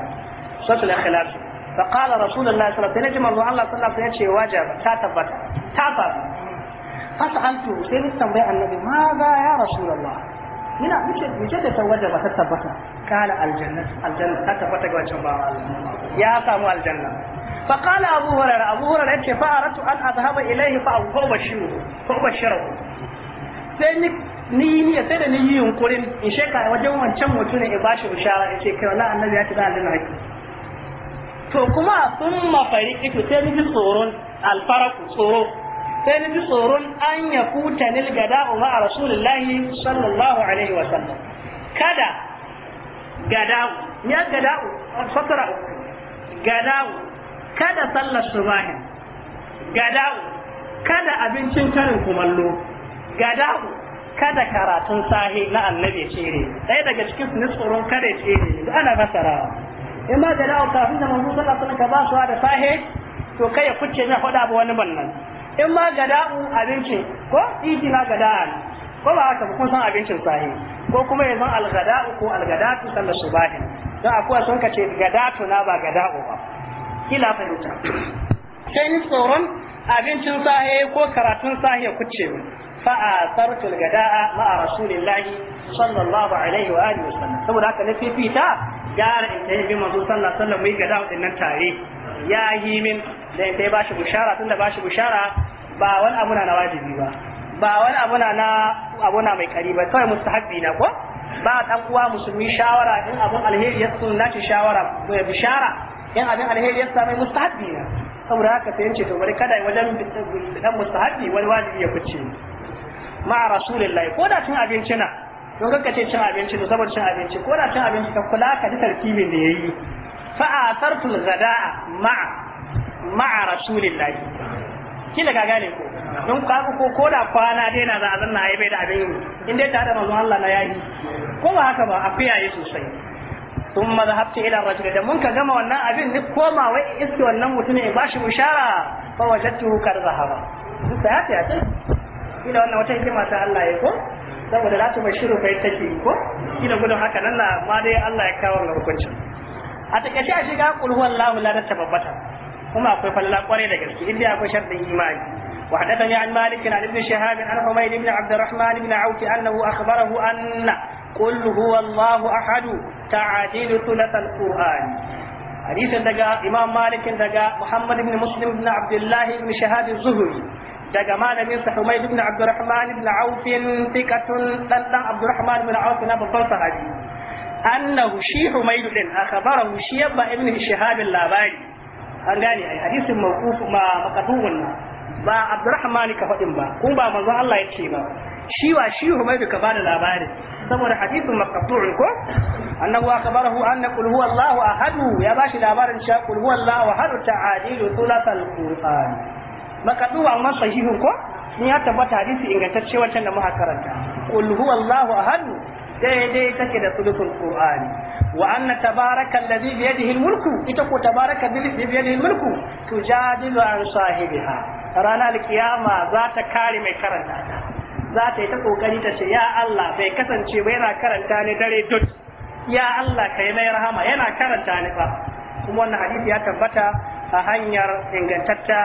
صوت الأخلاق فقال رسول الله صلى الله عليه وسلم الله صلى الله عليه وسلم واجب تاتبت تاتبت فسألت في التنبيه النبي ماذا يا رسول الله من مش مش هذا سواد وثبت بطة قال الجنة الجنة ثبت بطة وجمع يا سامو الجنة فقال أبو هريرة أبو هريرة أنت فأردت أن أذهب إليه فأوفى بشيره فأوفى شره سنك نيني سنة نيني ينقرن إن شاء الله وجمع من كم وتنى إباش وشارة إن شاء الله النبي أنا لنا تو كما ثم فريق تو تنزل صورون الفرق صورون sai ni ji tsoron an ya kuta nil gada umma a rasulullahi sallallahu alaihi wa sallam kada gada'u ya gada'u fasara uku gada'u kada sallar subahin gada'u kada abincin karin kumallo gada'u kada karatun sahi na annabi cire ɗaya daga cikin ni tsoron kada cire da ana fasarawa in ma gada'u kafin da manzo sallallahu alaihi wa sallam ka ba su da sahi to kai ya kuce na faɗa ba wani bannan in ma gada abinci ko titi na gada ko ba haka kun san abincin sahi ko kuma yanzu algada ko algadatu sallar subahi dan akwai sun kace gadatu na ba gada ba kila fa ruta sai ni tsoron abincin sahi ko karatun sahi ya kuce mu fa asartul gadaa ma rasulillahi sallallahu alaihi wa alihi wasallam saboda haka na fifita gara in kai bi manzo sallallahu alaihi wasallam mai gada din nan tare ya yi min dan kai bashi bushara tunda bashi bushara ba wani abu na wajibi ba ba wani abu na abu na mai kari ba kawai mustahabbi na ko ba dan uwa musulmi shawara in abun alheri ya sunna shi shawara ko ya bishara in abin alheri ya samu mustahabbi na saboda haka sai yace to bari kada wajen dan mustahabbi wani wajibi ya fice ma rasulullahi ko da cin abinci na don kanka ce cin abinci to saboda cin abinci ko da cin abinci ka kula ka ji tartibin da yayi fa asartul ghadaa ma ma rasulillahi kila ka gane ko don kaga ko ko da kwana dai na za a zanna ai bai da abin in dai ta da manzon Allah na yayi ko ba haka ba a yi sosai Tun maza hafta ila rajul da mun ka gama wannan abin ni koma wai iske wannan mutumin ya bashi bushara fa wajadtuhu kar zahaba sai ya ta ila wannan wata hikima ta Allah ya ko saboda za ta bashiru kai take ko Kina gudun haka nan ma dai Allah ya kawo wannan hukuncin a shi a shiga kul huwallahu la ta babbata kuma akwai falala kwarai da gaske inda akwai sharɗin imani وحدثني عن مالك عن ابن شهاب عن حميد بن عبد الرحمن بن عوف انه اخبره ان قل هو الله احد تعادل ثلث القران حديث دقا امام مالك دقا محمد بن مسلم بن عبد الله بن شهاب الزهري دقا لم ينصح حميد بن عبد الرحمن بن عوف ثقة لن عبد الرحمن بن عوف نبو صحابي أنه شي حميد أخبره شيبا ابن شهاب اللاباني an gane ai hadisin mawquf ma ba Abdurrahman ka fadin ba kun ba manzon Allah ce ba shi wa shi Humaydu ka bada labarin saboda hadisin maqduun ko annahu akhbarahu anna qul huwa Allahu ahad ya bashi labarin sha qul huwa Allahu ahad ta'adilu thulathal qur'an maqdu amma sahihun ko ni ya tabbata hadisi ingantacce wancan da muka karanta qul huwa Allahu ahad daidai take da sulusul qur'ani wa anna tabaraka alladhi bi yadihi almulku ita ko tabaraka alladhi bi yadihi almulku tujadilu an sahibiha ranar alkiyama za ta kare mai karanta ta za ta yi ta kokari ta ce ya Allah bai kasance ba yana karanta ni dare duk ya Allah kai mai rahama yana karanta ni fa kuma wannan hadisi ya tabbata a hanyar ingantatta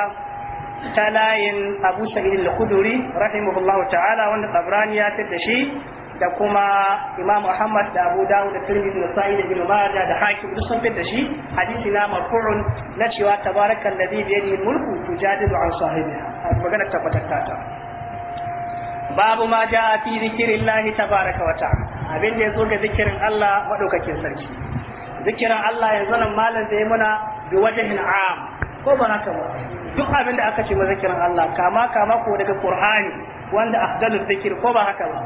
ta layin abu sa'id al-khuduri rahimahullahu ta'ala wanda tabrani ya fitta shi da kuma Imam Muhammad da Abu Dawud da Tirmidhi da Sa'id da Ibn Majah da Hakim duk sun fitar shi hadisi na marfu'un na cewa tabarakal ladhi bi yadihi mulku tujadilu an sahibiha magana tabbatar ta babu ma ja fi zikrillahi tabaraka wa ta'ala abin da yazo ga zikirin Allah madaukakin sarki zikirin Allah yanzu nan malam da ya muna bi wajhin am ko ba haka ba duk abin da aka ce ma zikirin Allah kama kama ko daga Qur'ani wanda afdalul zikir ko ba haka ba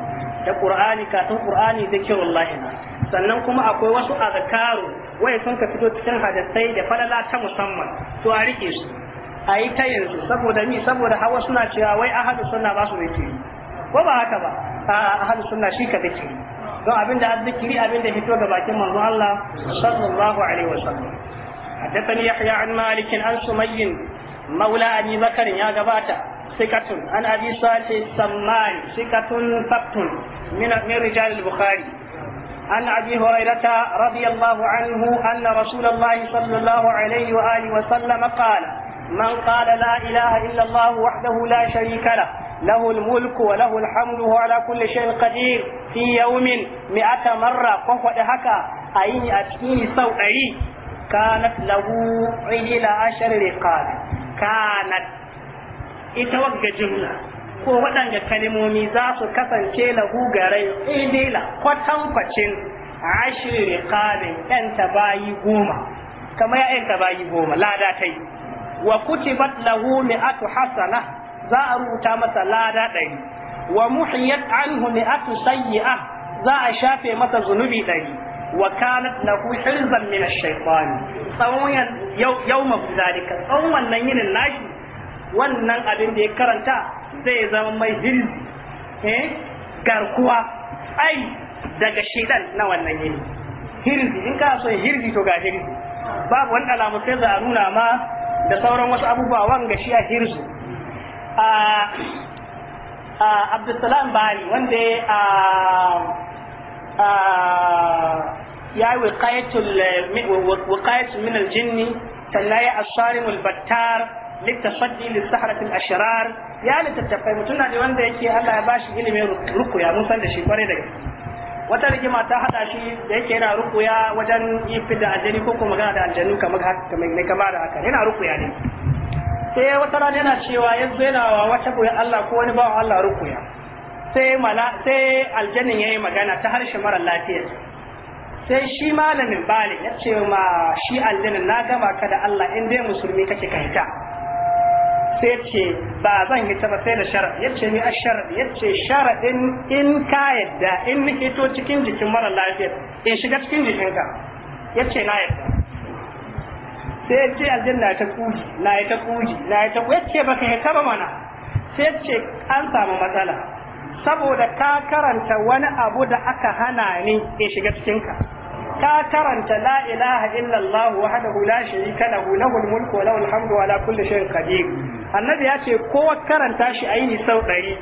da qur'ani kafin qur'ani zikrullahi na sannan kuma akwai wasu azkaru wai sun ka fito cikin hadisai da falala ta musamman to a rike su a yi ta yanzu saboda ni saboda hawa suna cewa wai ahadu sunna ba su zikiri ko ba haka ba ahadu sunna shi ka zikiri don abin da azzikiri abin da fito ga bakin manzon Allah sallallahu alaihi wasallam حدثني يحيى عن مالك عن سمي مولى ابي بكر يا جباته ثقة عن أبي صالح السماعي ثقة ثبت من من رجال البخاري عن أبي هريرة رضي الله عنه أن رسول الله صلى الله عليه وآله وسلم قال من قال لا إله إلا الله وحده لا شريك له له الملك وله الحمد وهو على كل شيء قدير في يوم مئة مرة قفت هكا أي أتيني سوء كانت له عيل عشر رقاب كانت ita wagga jumla ko waɗanda kalimomi za su kasance lahu garai idila kwatankwacin ashirin riqabin ɗan tabayi goma kamar ya'yan tabayi goma lada ta yi wa kutibat lahu mi'atu hasana za a rubuta masa lada ɗari wa muhiyat anhu mi'atu sayyi'a za a shafe masa zunubi ɗari وكانت له حرزا من الشيطان tsawon yau mafi zalika tsawon wannan yinin nashi wannan abin da ya karanta zai zama mai hirzi eh garkuwa ai daga shedan na wannan yini hirzi in ka so hirzi to ga hirzi babu wani alamu sai za a nuna ma da sauran wasu abubuwa wanga shi a hirzi a Abdulsalam Bari wanda a ya yi wiqayatul eh, min aljinni sannan ya asarimul battar littafaddi lissaharatin ashirar ya littattafai mutum na da wanda yake Allah ya bashi ilimin rukuya mun san da shi kwarai da gaske wata rigima ta hada shi da yake yana rukuya wajen yi fidda aljani ko kuma magana da aljanu kamar haka mai kama da haka yana rukuya ne sai wata rana yana cewa yanzu yana wa wata koyar Allah ko wani bawan Allah rukuya sai mala sai aljanin yayi magana ta harshe mara lafiya sai shi malamin bali ya ce ma shi aljanin na gama ka da Allah in dai musulmi kake ka hita sai ce ba zan hita ba sai da ya yace ni a asharadi yace sharadin in ka yadda in ni hito cikin jikin mara lafiya in shiga cikin jikinka yace na yadda sai ce aljanna ta kuji na ta kuji na ta kuji yace ka hita ba mana sai ce an samu matsala saboda ka karanta wani abu da aka hana ni in shiga cikinka ka karanta la ilaha illallah wahdahu la sharika lahu lahul mulku wa lahul hamdu wa ala kulli shay'in qadir annabi ya ce ko karanta shi aini sau ɗari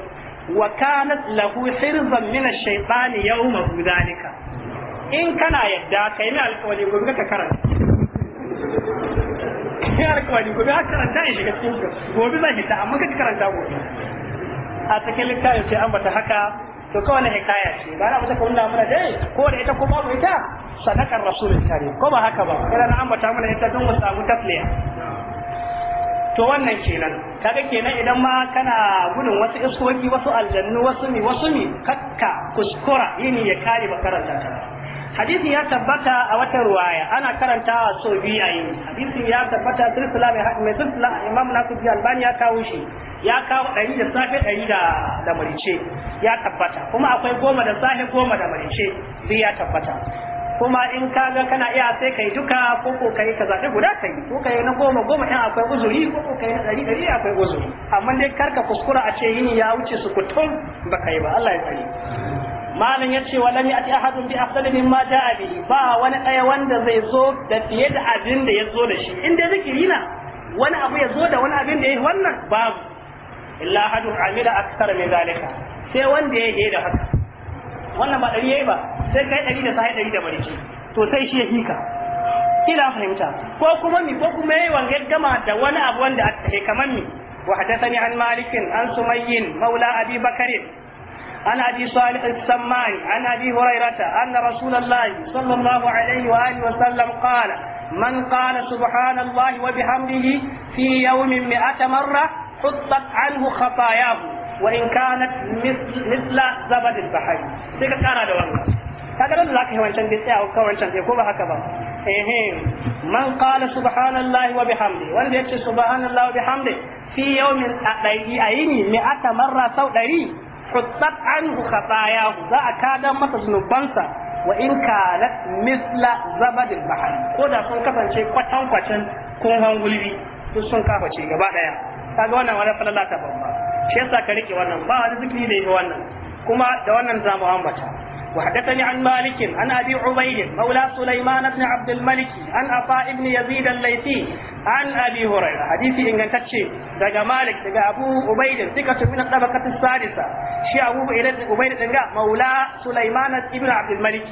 wa kanat lahu hirzan min ash-shaytani yawma dhalika in kana yadda kai ne alƙawari gobe ka karanta kai alƙawari gobe ka karanta shi ga cikin gobe zan hita amma ka karanta gobe a cikin littafin sai an bata haka to kawai na hikaya ce ba na mutaka wannan mana dai ko da ita ko babu ita sadakar rasulin kare ko ba haka ba kada na ambata mana ita don mu samu tasliya to wannan kenan kaga kenan idan ma kana gudun wasu iskoki wasu aljannu wasu mi wasu mi kakka kuskura yini ya kare ba karanta hadisin ya tabbata a wata ruwaya ana karantawa so biyu a yau hadisin ya tabbata silsila mai mai silsila imam kudi albani ya kawo shi ya kawo ɗari da safe ɗari da da marice ya tabbata kuma akwai goma da safe goma da marice zai ya tabbata kuma in ka ga kana iya sai kai duka ko ko kai ka zaɓi guda kai ko kai na goma goma ɗin akwai uzuri ko ko kai na ɗari ɗari akwai uzuri amma dai karka kuskura a ce yini ya wuce su kutum ba yi ba Allah ya tsare malam ya ce walam ya'ti ahadun bi afdali mimma ja'a bihi ba wani ɗaya wanda zai zo da fiye da abin da ya zo da shi in dai zikiri na wani abu ya zo da wani abin da ya wannan babu illa ahadu amila akthar min zalika sai wanda ya yi da haka wannan ba dari yayi ba sai kai ɗari da sai dari da barci to sai shi ya hika kila fahimta ko kuma mi ko kuma yayi wanga gama da wani abu wanda aka kamar mi وحدثني عن مالك عن سمي Maula, أبي بكر عن ابي صالح السماني عن ابي هريره ان رسول الله صلى الله عليه واله وسلم قال من قال سبحان الله وبحمده في يوم مئة مره حطت عنه خطاياه وان كانت مثل زبد البحر تلك هذا والله هذا لا لك هو انت او كو انت يقول هكذا من قال سبحان الله وبحمده والذي سبحان الله وبحمده في يوم الأيام مئة مرة سوداري huttat anhu khatayahu za a kada masa zunubansa wa in kanat misla zabadil bahr ko da sun kasance kwatan kwacen kun hangulbi sun kaface gaba daya kaga wannan wani falala ta babba shi yasa ka rike wannan ba wani zikiri da yake wannan kuma da wannan zamu ambata وحدثني عن مالك عن ابي عبيد مولى سليمان بن عبد الملك عن عطاء بن يزيد الليثي عن ابي هريره حديثي ان كانت دغ مالك دغ ابو عبيد ثقه من الطبقه السادسه شي ابو عبيد دغ مولى سليمان بن عبد الملك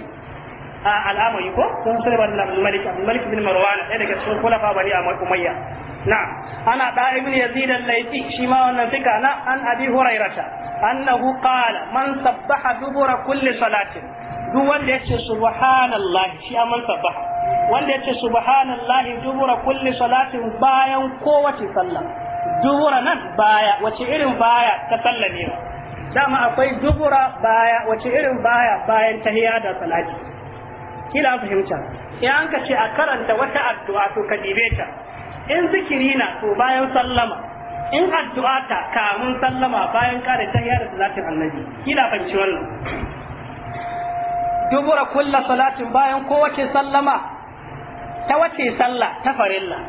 al'amari ko sun sulaiman na malik malik bin marwan ɗaya daga cikin kulafa bani umayya نعم عن عطاء بن يزيد الليثي شيما ونفكنا عن أبي هريرة أنه قال من سبح دبر كل صلاة duk wanda ya ce subhanallahi shi aman sabaha wanda ya ce subhanallahi dubura kulli salatin bayan kowace sallah dubura nan baya wace irin baya ta sallah dama akwai dubura baya wace irin baya bayan tahiyya da salati kila fahimta in an ka ce a karanta wata addu'a to ka dibe ta in zikiri na to bayan sallama in addu'a ta kamun sallama bayan kare tahiyya da salatin annabi kila fanci wannan dubura kulla salatin bayan ko wace sallama ta wace sallah ta farilla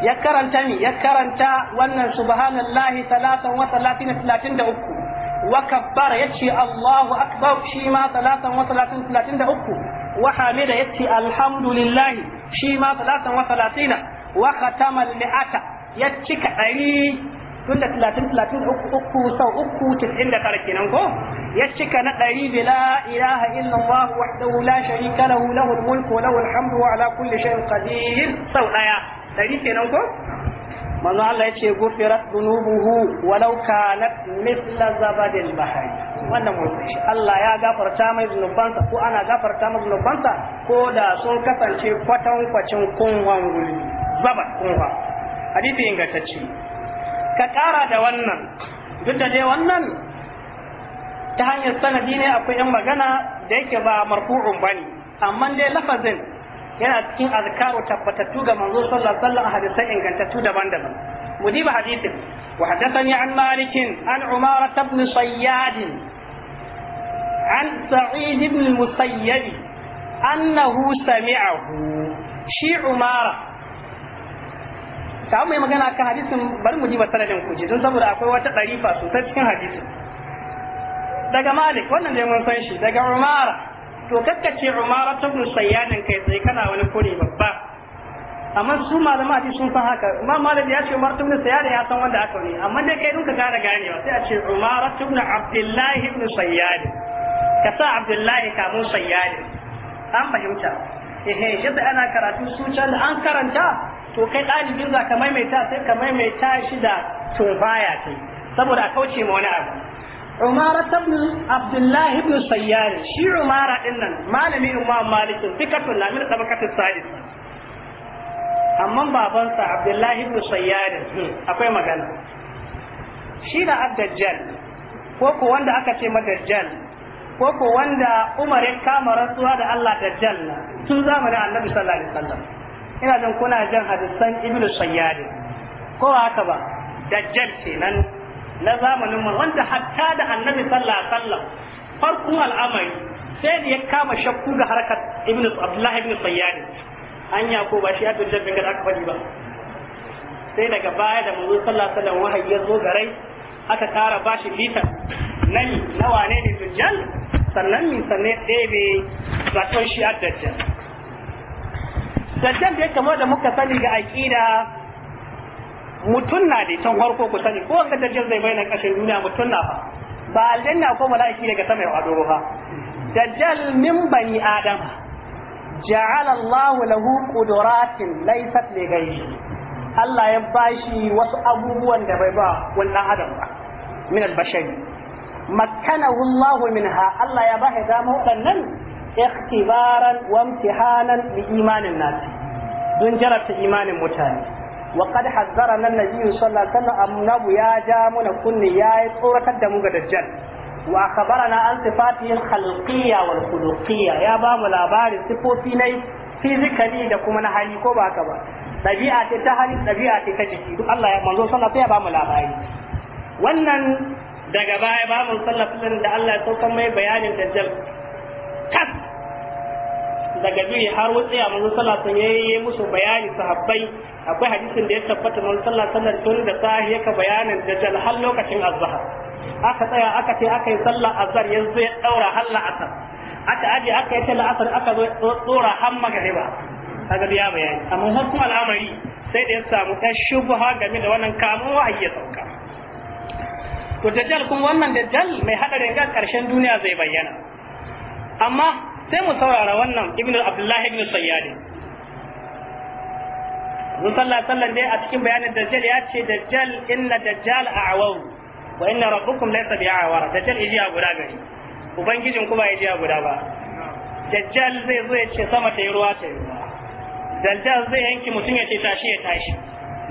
ya karanta ni ya karanta wannan subhanallahi talatan wa talatin salatin da uku wa kabbara ya ce Allahu akbar shi ma talatan wa salatin salatin da uku wa hamida ya ce alhamdulillah shi ma talatan wa talatina wa khatama miata ya cika ɗari tunda talatin talatin uku uku sau uku tis'in da tara kenan ko ya cika na ɗari bila la ilaha illallah wahdahu la sharika lahu lahu mulku wa lahu al-hamdu wa ala kulli shay'in qadir sau ɗaya ɗari kenan ko manzo Allah ya ce gufirat dunubuhu walau kanat mithla zabadil bahri wannan mutunci Allah ya gafarta mai zunubansa ko ana gafarta mai zunubansa ko da sun kasance kwatankwacin kunwan gulbi zabat kuma ba hadisi ingantacce ka kara da wannan duk da dai wannan ta hanyar sanadi ne akwai yan magana da yake ba marfu'un bane amma dai lafazin yana cikin azkaru tabbatattu ga manzo sallallahu alaihi wasallam hadisan ingantattu daban-daban mudib hadisin wa hadathani an malik an umara ibn sayyad an sa'id ibn musayyib annahu sami'ahu shi umara ta mai magana kan hadisin bari mu ji ba sanadin ku ji don saboda akwai wata ɗarifa sosai cikin hadisin daga malik wannan dai mun san shi daga umara to kakkace umara ta gun sayyanin kai sai kana wani kore babba amma su malama a sun san haka ma malik ya ce umar tubin sayyanin ya san wanda aka ne amma dai kai ka kara ganewa sai a ce umara tubin abdullahi ibn sayyanin ka sa abdullahi kamun sayyanin an fahimta ehe yadda ana karatu su can an karanta to kai ɗalibin za ka maimaita sai ka maimaita shi da turbaya ta saboda a kauce ma wani abu umara ibn abdullahi ibn sayyar shi umara din nan malami imam malik fikatun na min tabakatus sadis amma babansa abdullahi ibn sayyar hmm, akwai magana shi da abdajjal ko ko wanda aka ce ma ko ko wanda umar ya kama rasuwa da Allah dajjal tun zamanin annabi sallallahu alaihi wasallam ina jin kuna jan hadisan ibnu sayyad ko haka ba dajjal kenan na zamanin mu wanda hatta da annabi sallallahu alaihi wasallam farkon al'amari sai da ya kama shakku ga harkar ibnu abdullah ibnu sayyad anya ko ba shi da jabbin ga aka fadi ba sai daga baya da manzo sallallahu alaihi wasallam wahayi ya zo garai aka kara bashi litan nani na wane ne dajjal sannan min sanne ɗebe zaton shi dajjal dajjal da ya kamar da muka sani ga aƙida mutum na da can farko ku sani ko wanda dajjal zai bayyana ƙashin duniya mutum na fa ba aljanna ko mala'iki daga sama ya wado ba dajjal min bani adam ja'ala Allah lahu qudratin laysat li ghayrihi Allah ya bashi wasu abubuwan da bai ba wannan adam ba min al-bashari makkanahu Allah minha Allah ya bashi dama waɗannan ikhtibaran wa imtihanan bi imanin nas dun jarabta imanin mutane wa qad hazzarana an-nabiy sallallahu alaihi wasallam annabu ya ja muna kunni ya tsoratar da mu ga dajjal wa akhbarana an sifatihi al-khalqiyya wal khuluqiyya ya ba mu labarin sifofi nai fizikali da kuma na hali ko ba haka ba ɗabi'a ce ta hali ɗabi'a ce ta jiki duk Allah ya manzo sallallahu alaihi wasallam ya ba mu labari wannan daga baya ba mu sallallahu da Allah ya saukan mai bayanin dajjal kas daga biyu har wasu ya manzo sallallahu alaihi wasallam musu bayani sahabbai akwai hadisin da ya tabbata manzo sallallahu alaihi wasallam tun da sahi yaka bayanin da jal har lokacin azhar aka tsaya aka ce aka yi sallar azhar yanzu ya daura halla la'asar aka aje aka yi sallar asar aka zo tsora har magariba kaga biya bayani amma har kuma al'amari sai da ya samu ta shubha game da wannan kamun wa'ayi ya sauka to dajjal kuma wannan dajjal mai hadarin ga karshen duniya zai bayyana amma sai mu saurara wannan ibn abdullahi ibn sayyadi Zun sallah sallan dai a cikin bayanin dajjal ya ce dajjal inna dajjal a'awau wa inna rabbukum laysa bi'awara dajjal ijiya guda gari ubangijin ku ba ijiya guda ba dajjal zai zo ya ce sama ta yi ruwa ta yi ruwa dajjal zai yanki mutum ya ce tashi ya tashi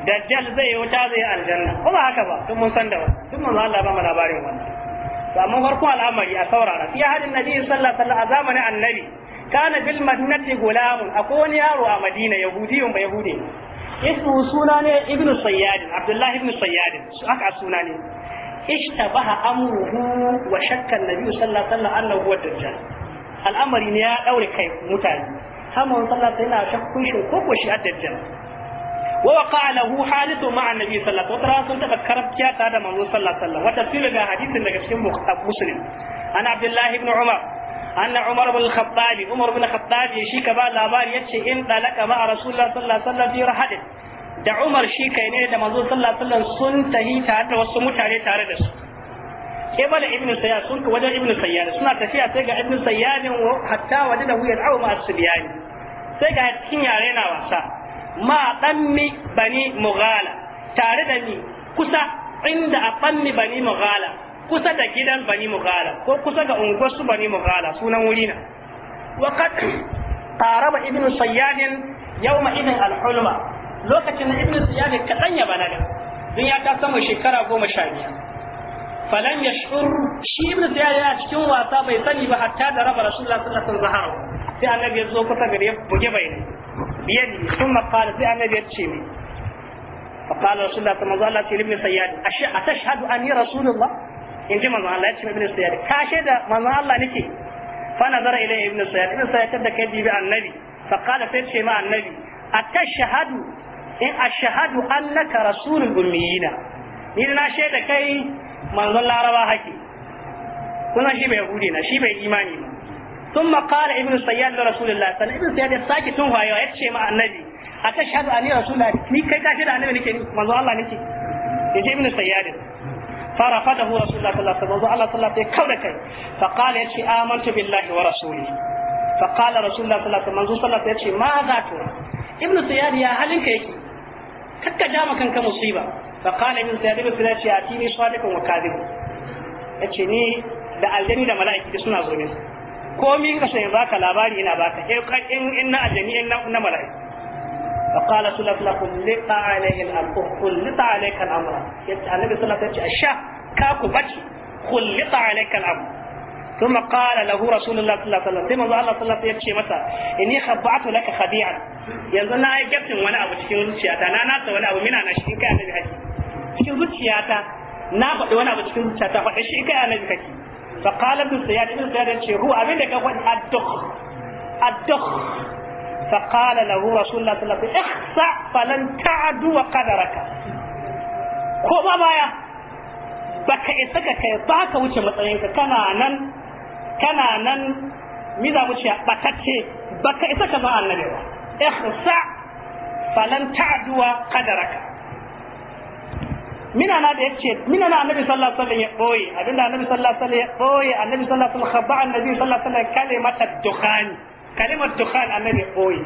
dajjal zai yi wuta zai yi aljanna Kuma haka ba tun mun san da wannan tun mun Allah ba mu labarin wannan to amma farko al'amari a saurara fi hadin nabi sallallahu alaihi wasallam a zamanin annabi kana bil madinati gulamun akwai wani yaro a madina yahudiyun ba yahude ismu suna ne ibnu sayyad abdullahi ibnu sayyad haka suna ne ishtabaha amruhu wa shakka annabi sallallahu alaihi wasallam annahu huwa dajjal al'amari ne ya daure kai mutane har mun sallallahu alaihi wasallam shakkun shi ko ko shi dajjal wa waqa lahu hadithu ma'a annabi sallallahu alaihi wasallam sun taba karabciya ta da manzo sallallahu alaihi wasallam wa tafsirin ga hadisin daga cikin muslim an abdullahi ibn umar umar عمر بن الخطاب عمر بن الخطاب يشيك بعد الأمار يتشي إن لك مع رسول ma صلى الله عليه وسلم في رحلة da Umar shi kai ne da manzo sallallahu alaihi wasallam sun tahi tare da wasu mutane tare da su kebala ibnu sayyad sun ka wajen ibnu sayyad suna tafiya sai ga ibnu sayyad hatta waje da huyar auma as-subyani sai ga cikin yare na wasa ma ɗanmi bani mughala tare da ni kusa inda a dammi bani mughala kusa da gidan bani mughala ko kusa ga unguwarsu su bani mughala sunan wuri na wa qad qaraba ibnu sayyad yawma idin al-hulma lokacin Ibn ibnu sayyad kadan ya balaga dun ya ta sama shekara goma sha biyar falan yashur shi ibnu sayyad yana cikin wasa bai sani ba hatta da raba rasulullahi sallallahu alaihi wasallam sai annabi ya zo kusa gare buge bai biyan sun mafala sai da kuma zala ce limin sayyadi an da ba in ji manzan Allah ya ka ce da manzan Allah nake ta shahadu a shahadu na ni na shi bai hudu imani ba ثم قال ابن السياد لرسول الله صلى ابن السياد يساكي تون هايو يتشي مع النبي أتشهد أني رسول الله ني كي كاشد أني نكي منذ الله نكي يجي ابن السياد فرفضه رسول الله صلى الله عليه وسلم الله صلى الله عليه وسلم فقال يتشي آمنت بالله ورسوله فقال رسول الله صلى الله عليه وسلم منذ صلى الله عليه وسلم ماذا ترى ابن السياد يا هل كيكي كك جامك كنك مصيبة فقال ابن السياد ابن السياد يأتيني صادق وكاذب يتشي ني da aljani da mala'iki da suna zo ne komi ka sai baka labari ina baka in in na ajami in na mala'iku فقال سلف لكم لقى عليه الأمر خلط عليك الأمر النبي صلى الله عليه وسلم الشاه كاكو بكي خلط عليك الأمر ثم قال له رسول الله صلى الله عليه وسلم ثم الله صلى الله عليه وسلم مثلا إني خبعت لك خديعا ينزل أي جبت وانا أبو تشكين زوجياتا نا ناس وانا أبو منا نشكين كأنا بحكي تشكين زوجياتا نا وانا أبو تشكين زوجياتا فأشكين كأنا بحكي fa qala ibn sayyad ibn sayyad ce ruwa abin da ka faɗi addukh addukh fa qala lahu rasulullah sallallahu alaihi wasallam ihsa falan ta'du ko ba baya baka isa ka kai baka wuce matsayinka kana nan kana nan mi za mu ce baka isa ka zama annabi ba ihsa falan ta'du qadaraka mina na da yace mina na annabi sallallahu alaihi wasallam ya boye abinda annabi sallallahu alaihi wasallam ya boye annabi sallallahu alaihi wasallam khabba annabi sallallahu alaihi wasallam kalimata dukhan kalimar dukhan annabi boye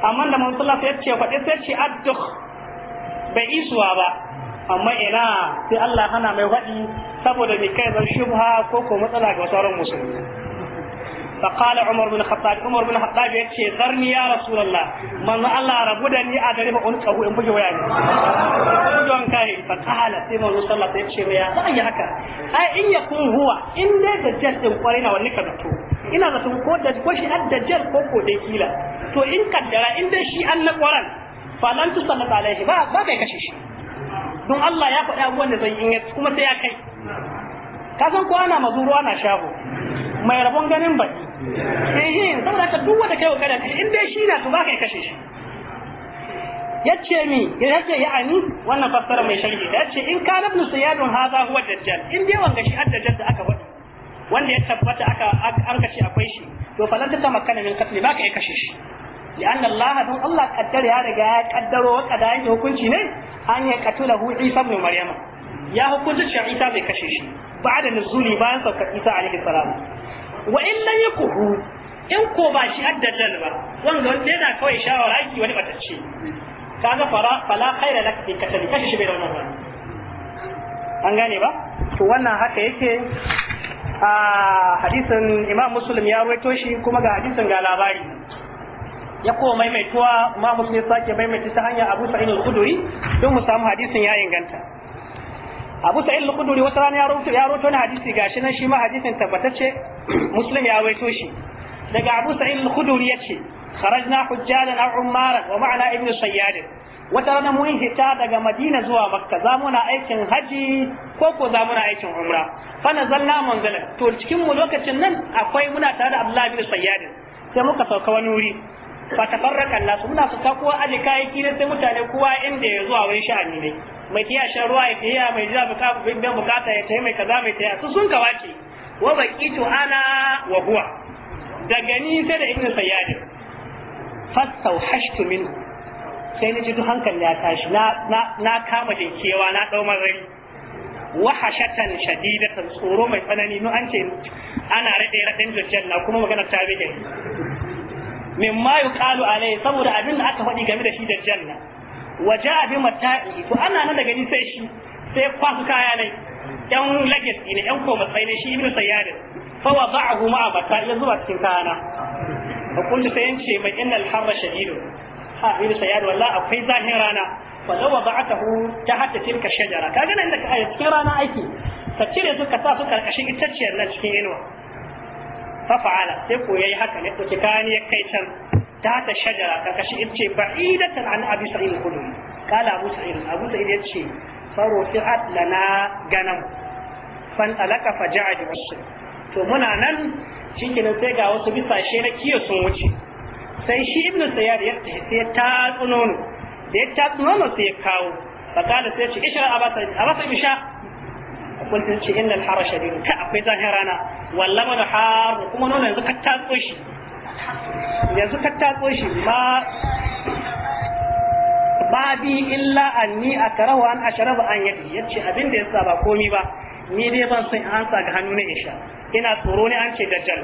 amma da manzo sallallahu alaihi wasallam ya ce sai ce addukh bai isuwa ba amma ina sai Allah hana mai wadi saboda bai kai zan shubha ko ko matsala ga sauran musulmi فقال عمر بن الخطاب عمر بن الخطاب يتشي ذرني يا رسول الله من الله ربودني أدري أنكه إن بجوا يعني بجوا كاهي فقال سيما صلى الله عليه وسلم يا رأي هكا أي إن يكون هو إن لا دجال تنقرنا ونكبته ina da sun ko da ko shi addajjal ko ko dai kila to in kaddara in dai shi an na kwaran fa lan tu sallata alaihi ba ba kai kashe shi don Allah ya faɗi abubuwan da zai yi kuma sai ya kai ka san ko ana mazuru na shago mai rabon ganin baki eh saboda ka duk wanda kai wa kokari in dai shi na to ba kai kashe shi yace mi yace ya'ani wannan fassara mai sharhi da yace in kana ibn sayyadun hadha huwa dajjal in dai wanga shi dajjal da aka wadi wanda ya tabbata aka an kace akwai shi to falan ta makana min katli ba kai kashe shi لأن الله دون الله قدر هذا جاء قدره وقد عنده كل شيء أن يقتله عيسى ابن مريم يا هو كل شيء عيسى بكشيش ba'da nuzuli bayan saukar Isa alaihi salam wa in lam yakuhu in ko ba shi addadal ba wanda wanda yana kawai shawara ki wani batacce kaga fara fala khaira lak bi katali kashi shi bai da wannan an gane ba to wannan haka yake a hadisin Imam Muslim ya rawaito shi kuma ga hadisin ga labari ya kowa maimaituwa imam muslim sake maimaita ta hanyar abu sa'in al khudri don mu samu hadisin ya inganta abu sa'id al-quduri wata rana ya rawaito ya rawaito ne hadisi gashi nan shi ma hadisin tabbatacce muslim ya rawaito shi daga abu sa'id al-quduri yace kharajna hujjalan aw umara wa ma'ana ibn sayyad wata rana mun hita daga madina zuwa makka za muna aikin haji ko ko za muna aikin umra fa nazalna manzala to cikin mu lokacin nan akwai muna tare da abdullahi ibn sayyad sai muka sauka wani wuri fa tafarraka nasu muna su kowa aje kayayyaki ne sai mutane kowa inda ya zuwa wani sha'ani ne mai tiya shan ruwa ya tiya mai jiya bukata biyan bukata ya taimaka, mai kaza mai tiya su sun kawace wa baqitu ana wa huwa daga ni sai da ibn sayyad fastawhashtu minhu sai ni ji hankali ya tashi na kama da kewa na dau marai wahashatan shadidatan tsoro mai tsanani no an ce ana rade raden jujjan na kuma magana ta bige mimma yuqalu alai saboda abin da aka faɗi game da shi da janna waje abin mataki to ana nan da gani sai shi sai kwasu kaya ne yan lagos ne yan koma sai ne shi ibnu sayyadin fa wada'ahu ma'a mata'i ya zuba cikin kayana fa kuntu sai ce mai innal harra shadidun ha ibnu sayyadin wallahi akwai zahin rana fa law wada'atahu ta tilka shajara kaga nan da ka cikin rana aiki ka cire su ka sa su karkashin itacciyar nan cikin inuwa fa fa'ala sai ko yayi haka ne to kani ya kai can ta ta shagara karkashin ibce ba'idatan an abi sa'id al-khudri kala abu sa'id abu sa'id yace faro fi'at lana ganam fan alaka faja'a bi wasu to muna nan shikenan sai ga wasu bisashe na kiyo sun wuce sai shi ibnu sayyad ya sai ya tatsuno da ya tatsuno sai ya kawo fakala sai ce ishra abasa bisha ce ka akwai zahirana wallama da har kuma nono yanzu ka tatso yanzu ka tatso shi ma ba bi illa anni akrahu an ashraba an yadi yace abin da yasa ba komi ba ni dai ban san an sa ga hannu na isha ina tsoro ne an ce dajjal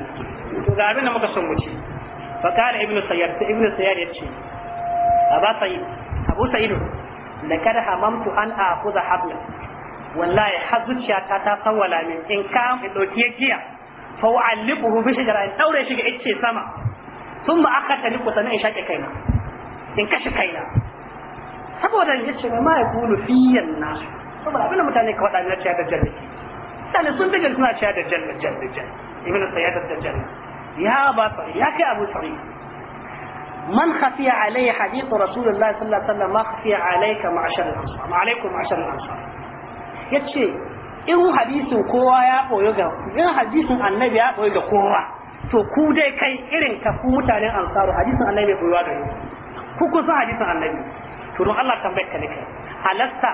to ga abin da muka san wuce fa kana ibnu sayyid ibnu sayyid yace aba sayyid abu sayyid lakad hamamtu an akhudha habla wallahi hazuciya ta ta sawala min in ka in dauki giya fa u'alliquhu bi shajara in daure shi ga ice sama thumma akhtaliqu sana in shake kaina in kashe kaina saboda in ce ma ya kulu fiyan nasu saboda abin da mutane ka faɗa na ciya da jannati mutane sun bijin suna ciya da jannati jannati ibn sayyadat da jannati ya ba ya kai abu sa'id من خفي عليه حديث رسول الله صلى الله عليه وسلم ما خفي عليك معشر الأنصار عليكم معشر الأنصار يتشي in hadisin kowa ya koyo ga in hadisin annabi ya koyo ga kowa to ku dai kai irin ka ku mutanen ansaru hadisin annabi bai koyo ga ku ku san hadisin annabi to don Allah tambayar ka ne kai alasta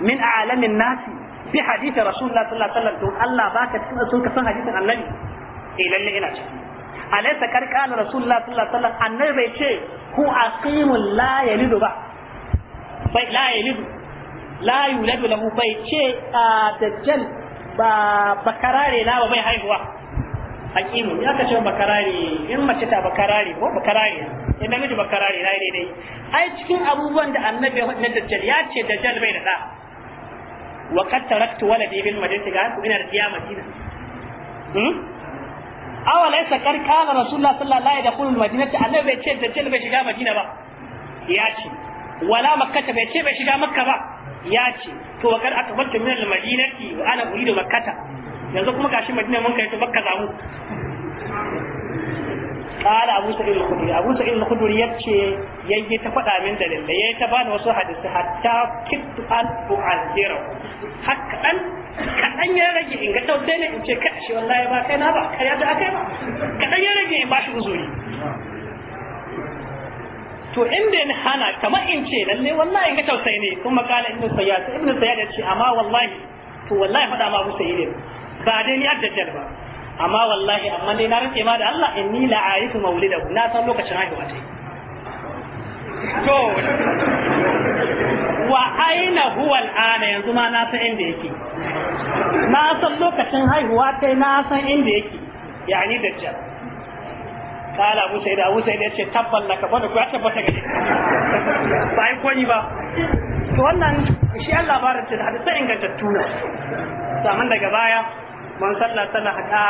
min alamin nasi bi hadisi rasulullah sallallahu alaihi wasallam to Allah baka cikin sun ka san hadisin annabi eh lalle ina ciki alaysa karkana rasulullah sallallahu alaihi wasallam annabi bai ce ku aqimul la yalidu ba bai la yalidu la yuladu lahu bai ce a dajjal ba bakarare na ba bai haihuwa hakimu ya ka ce bakarare in mace ta bakarare ko bakarare in namiji bakarare na dai. ai cikin abubuwan da annabi na dajjal ya ce dajjal bai da da wa qad taraktu waladi bil madinati ga ku ina da diya madina hmm? awa laisa kar kana rasulullah sallallahu alaihi wasallam da madinati annabi bai ce dajjal bai shiga madina ba ya ce wala makkata bai ce bai shiga makka ba ya ce to wa kar aka bata min al-madinati wa ana uridu makkata yanzu kuma gashi madina mun kai to makka za mu qala abu sa'id al-khudri abu sa'id al-khudri yace yayi ta fada min dalil da yayi ta bani wasu hadisi hatta kittu an tu'azira hakka dan kadan ya rage in ga tausayi ne in ce kai shi wallahi ba kai na ba kai da kai ba kadan ya rage in ba shi uzuri to inda ni hana kamar in ce lalle wallahi ka tausayi ne kuma kala ibnu sayyad ibnu sayyad ya ce amma wallahi to wallahi fada ma musa ne ba dai ni addajal ba amma wallahi amma dai na rike ma da Allah inni la arifu maulidahu na san lokacin haihuwa ta to wa aina huwa al'ana yanzu ma na san inda yake na san lokacin haihuwa ta na san inda yake yani dajjal kala abu sai da abu sai da ce tabbal na ka bada ku ya tabbata gare ba ai koyi ba to wannan shi Allah ce da hadisa ingantattu ne saman daga baya man sallah sallah haka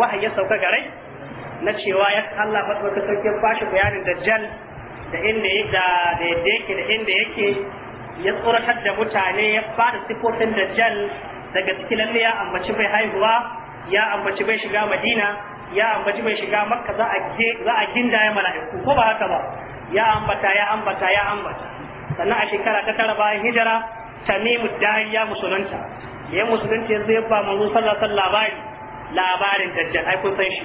wahayi ya sauka gare na cewa ya Allah ba ta sauke bashi bayanin dajjal da inda da da yake da inda yake ya tsoratar da mutane ya fara sifofin dajjal daga cikin lalle ya ambaci bai haihuwa ya ambaci bai shiga madina ya ambaci mai shiga makka za a ge za a ginda ya mala'iku ko ba haka ba ya ambata ya ambata ya ambata sannan a shekara ta tara bayan hijira tamimu dariya musulunta ya musulunta yanzu ya ba manzo sallallahu labari labarin dajjal ai kun san shi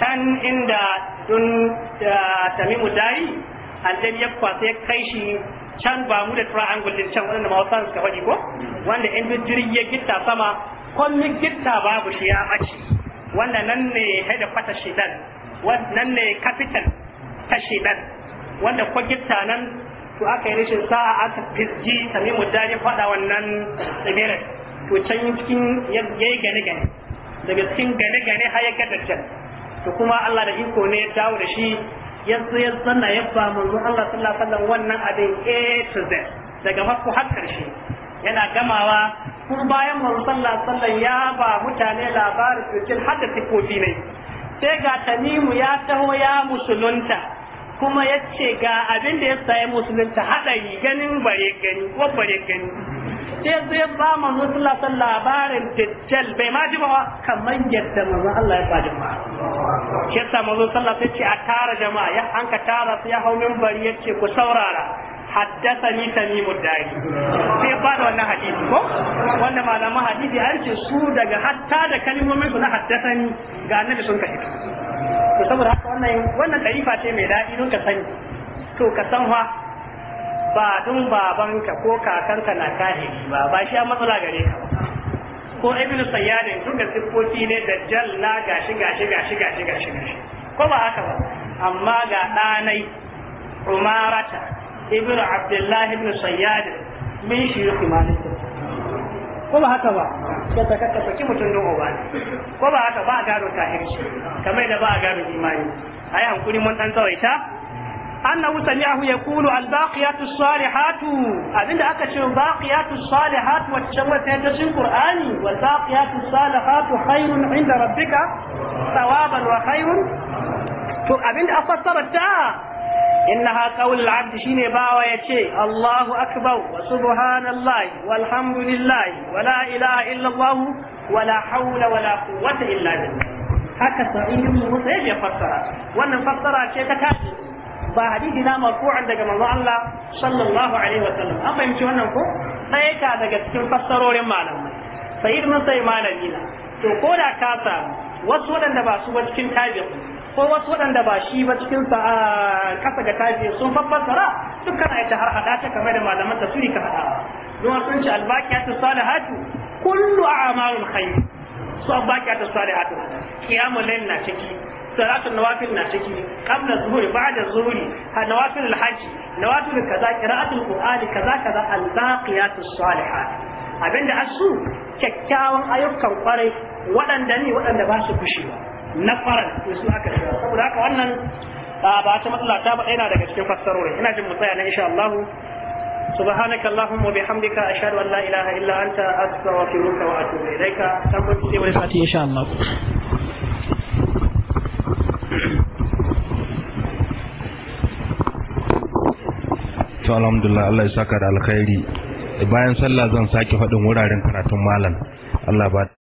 can inda dun tamimu dari annabi ya kwasa ya kai shi can ba mu da triangle din can wanda wasu suka faɗi ko wanda in jirgi ya gitta sama kullum gitta babu shi ya ɓace wannan nan ne haida fata shidan wannan ne kafitan ta shidan wanda ko gitta nan to aka yi rashin sa'a aka fisgi tamimu dare fada wannan tsibirin to can cikin yayi gane gane daga cikin gane gane har ya gada can to kuma Allah da iko ne ya dawo da shi ya ya sanna ya ba mu Allah sallallahu alaihi wasallam wannan abin A to Z daga farko har karshe yana gamawa kun bayan manzo sallallahu alaihi ya ba mutane labarin cikin hadda sifofi ne sai ga tanimu ya taho ya musulunta kuma ya ce ga abin da ya sayi musulunta haɗari ganin bare gani ko bare gani sai zai ba manzo sallallahu alaihi labarin tijjal bai ma ji ba kamar yadda manzo Allah ya ba jama'a ke sa manzo sallallahu alaihi ya ce a tara jama'a ya hanka tara su ya hau minbari ya ce ku saurara Haddasani sami dari sai ba da wannan hadisi ko wanda malaman hadisi an ce su daga hatta da kalmomin su na haddasani ga annabi sun ka fito to saboda haka wannan wannan tarifa ce mai daɗi don ka sani to ka san fa ba don babanka ko kakanka na kahiri ba ba shi a matsala gare ka ba ko ibn sayyadin duka siffofi ne da jalla gashi gashi gashi gashi gashi gashi ko ba haka ba amma ga ɗanai umarata ibn abdullah ibn sayyad min shuyukh malik ko Kuma haka ba sai ka kaka saki mutun don uba ko ba haka ba gado tahirci kamar da ba gado imani ayi hankuri mun dan tsawaita annahu sami'ahu yaqulu al baqiyatu salihatu abinda aka ce baqiyatu salihatu wacce wata ta cikin qur'ani wal baqiyatu salihatu khairun inda rabbika thawaban wa khairun to abinda afassara ta Inna إنها shine bawa شين باوى يتشي الله أكبر وسبحان الله والحمد لله illa إله إلا الله ولا حول ولا قوة illa بالله haka sa'in ibn sai yake fassara wannan fassara ce ta kashi ba hadisi na marfu'an daga manzon Allah sallallahu alaihi wa sallam an fahimci wannan ko sai ka daga cikin fassarorin malamai sa'id ibn sai malami na to ko da ka samu wasu wadanda ba su ba cikin tabi'in ko wasu waɗanda ba shi ba cikin sa kasa ga taje sun fassara dukkan ayata har hada ta kamar da malaman tafsiri ka hada don sun ce albaqiyatu salihatu kullu a'malul khair su albaqiyatu salihatu qiyamul Lain na ciki salatul nawafil na ciki qabla zuhuri ba'da zuhuri nawafil alhajj nawafil kaza qira'atul qur'ani kaza kaza albaqiyatu salihatu abinda asu kyakkyawan ayyukan kwarai waɗanda ne waɗanda ba su kushewa na farar to su aka shiga saboda haka wannan ba ta matsala ta ba yana daga cikin fassarori ina jin mu tsaya na insha Allah سبحانك اللهم وبحمدك أشهد أن لا إله إلا أنت أستغفرك وأتوب إليك تنبت ولفاتي إن شاء الله to alhamdulillah Allah ya saka da alkhairi bayan sallah zan sake faɗin wuraren karatun malam Allah ba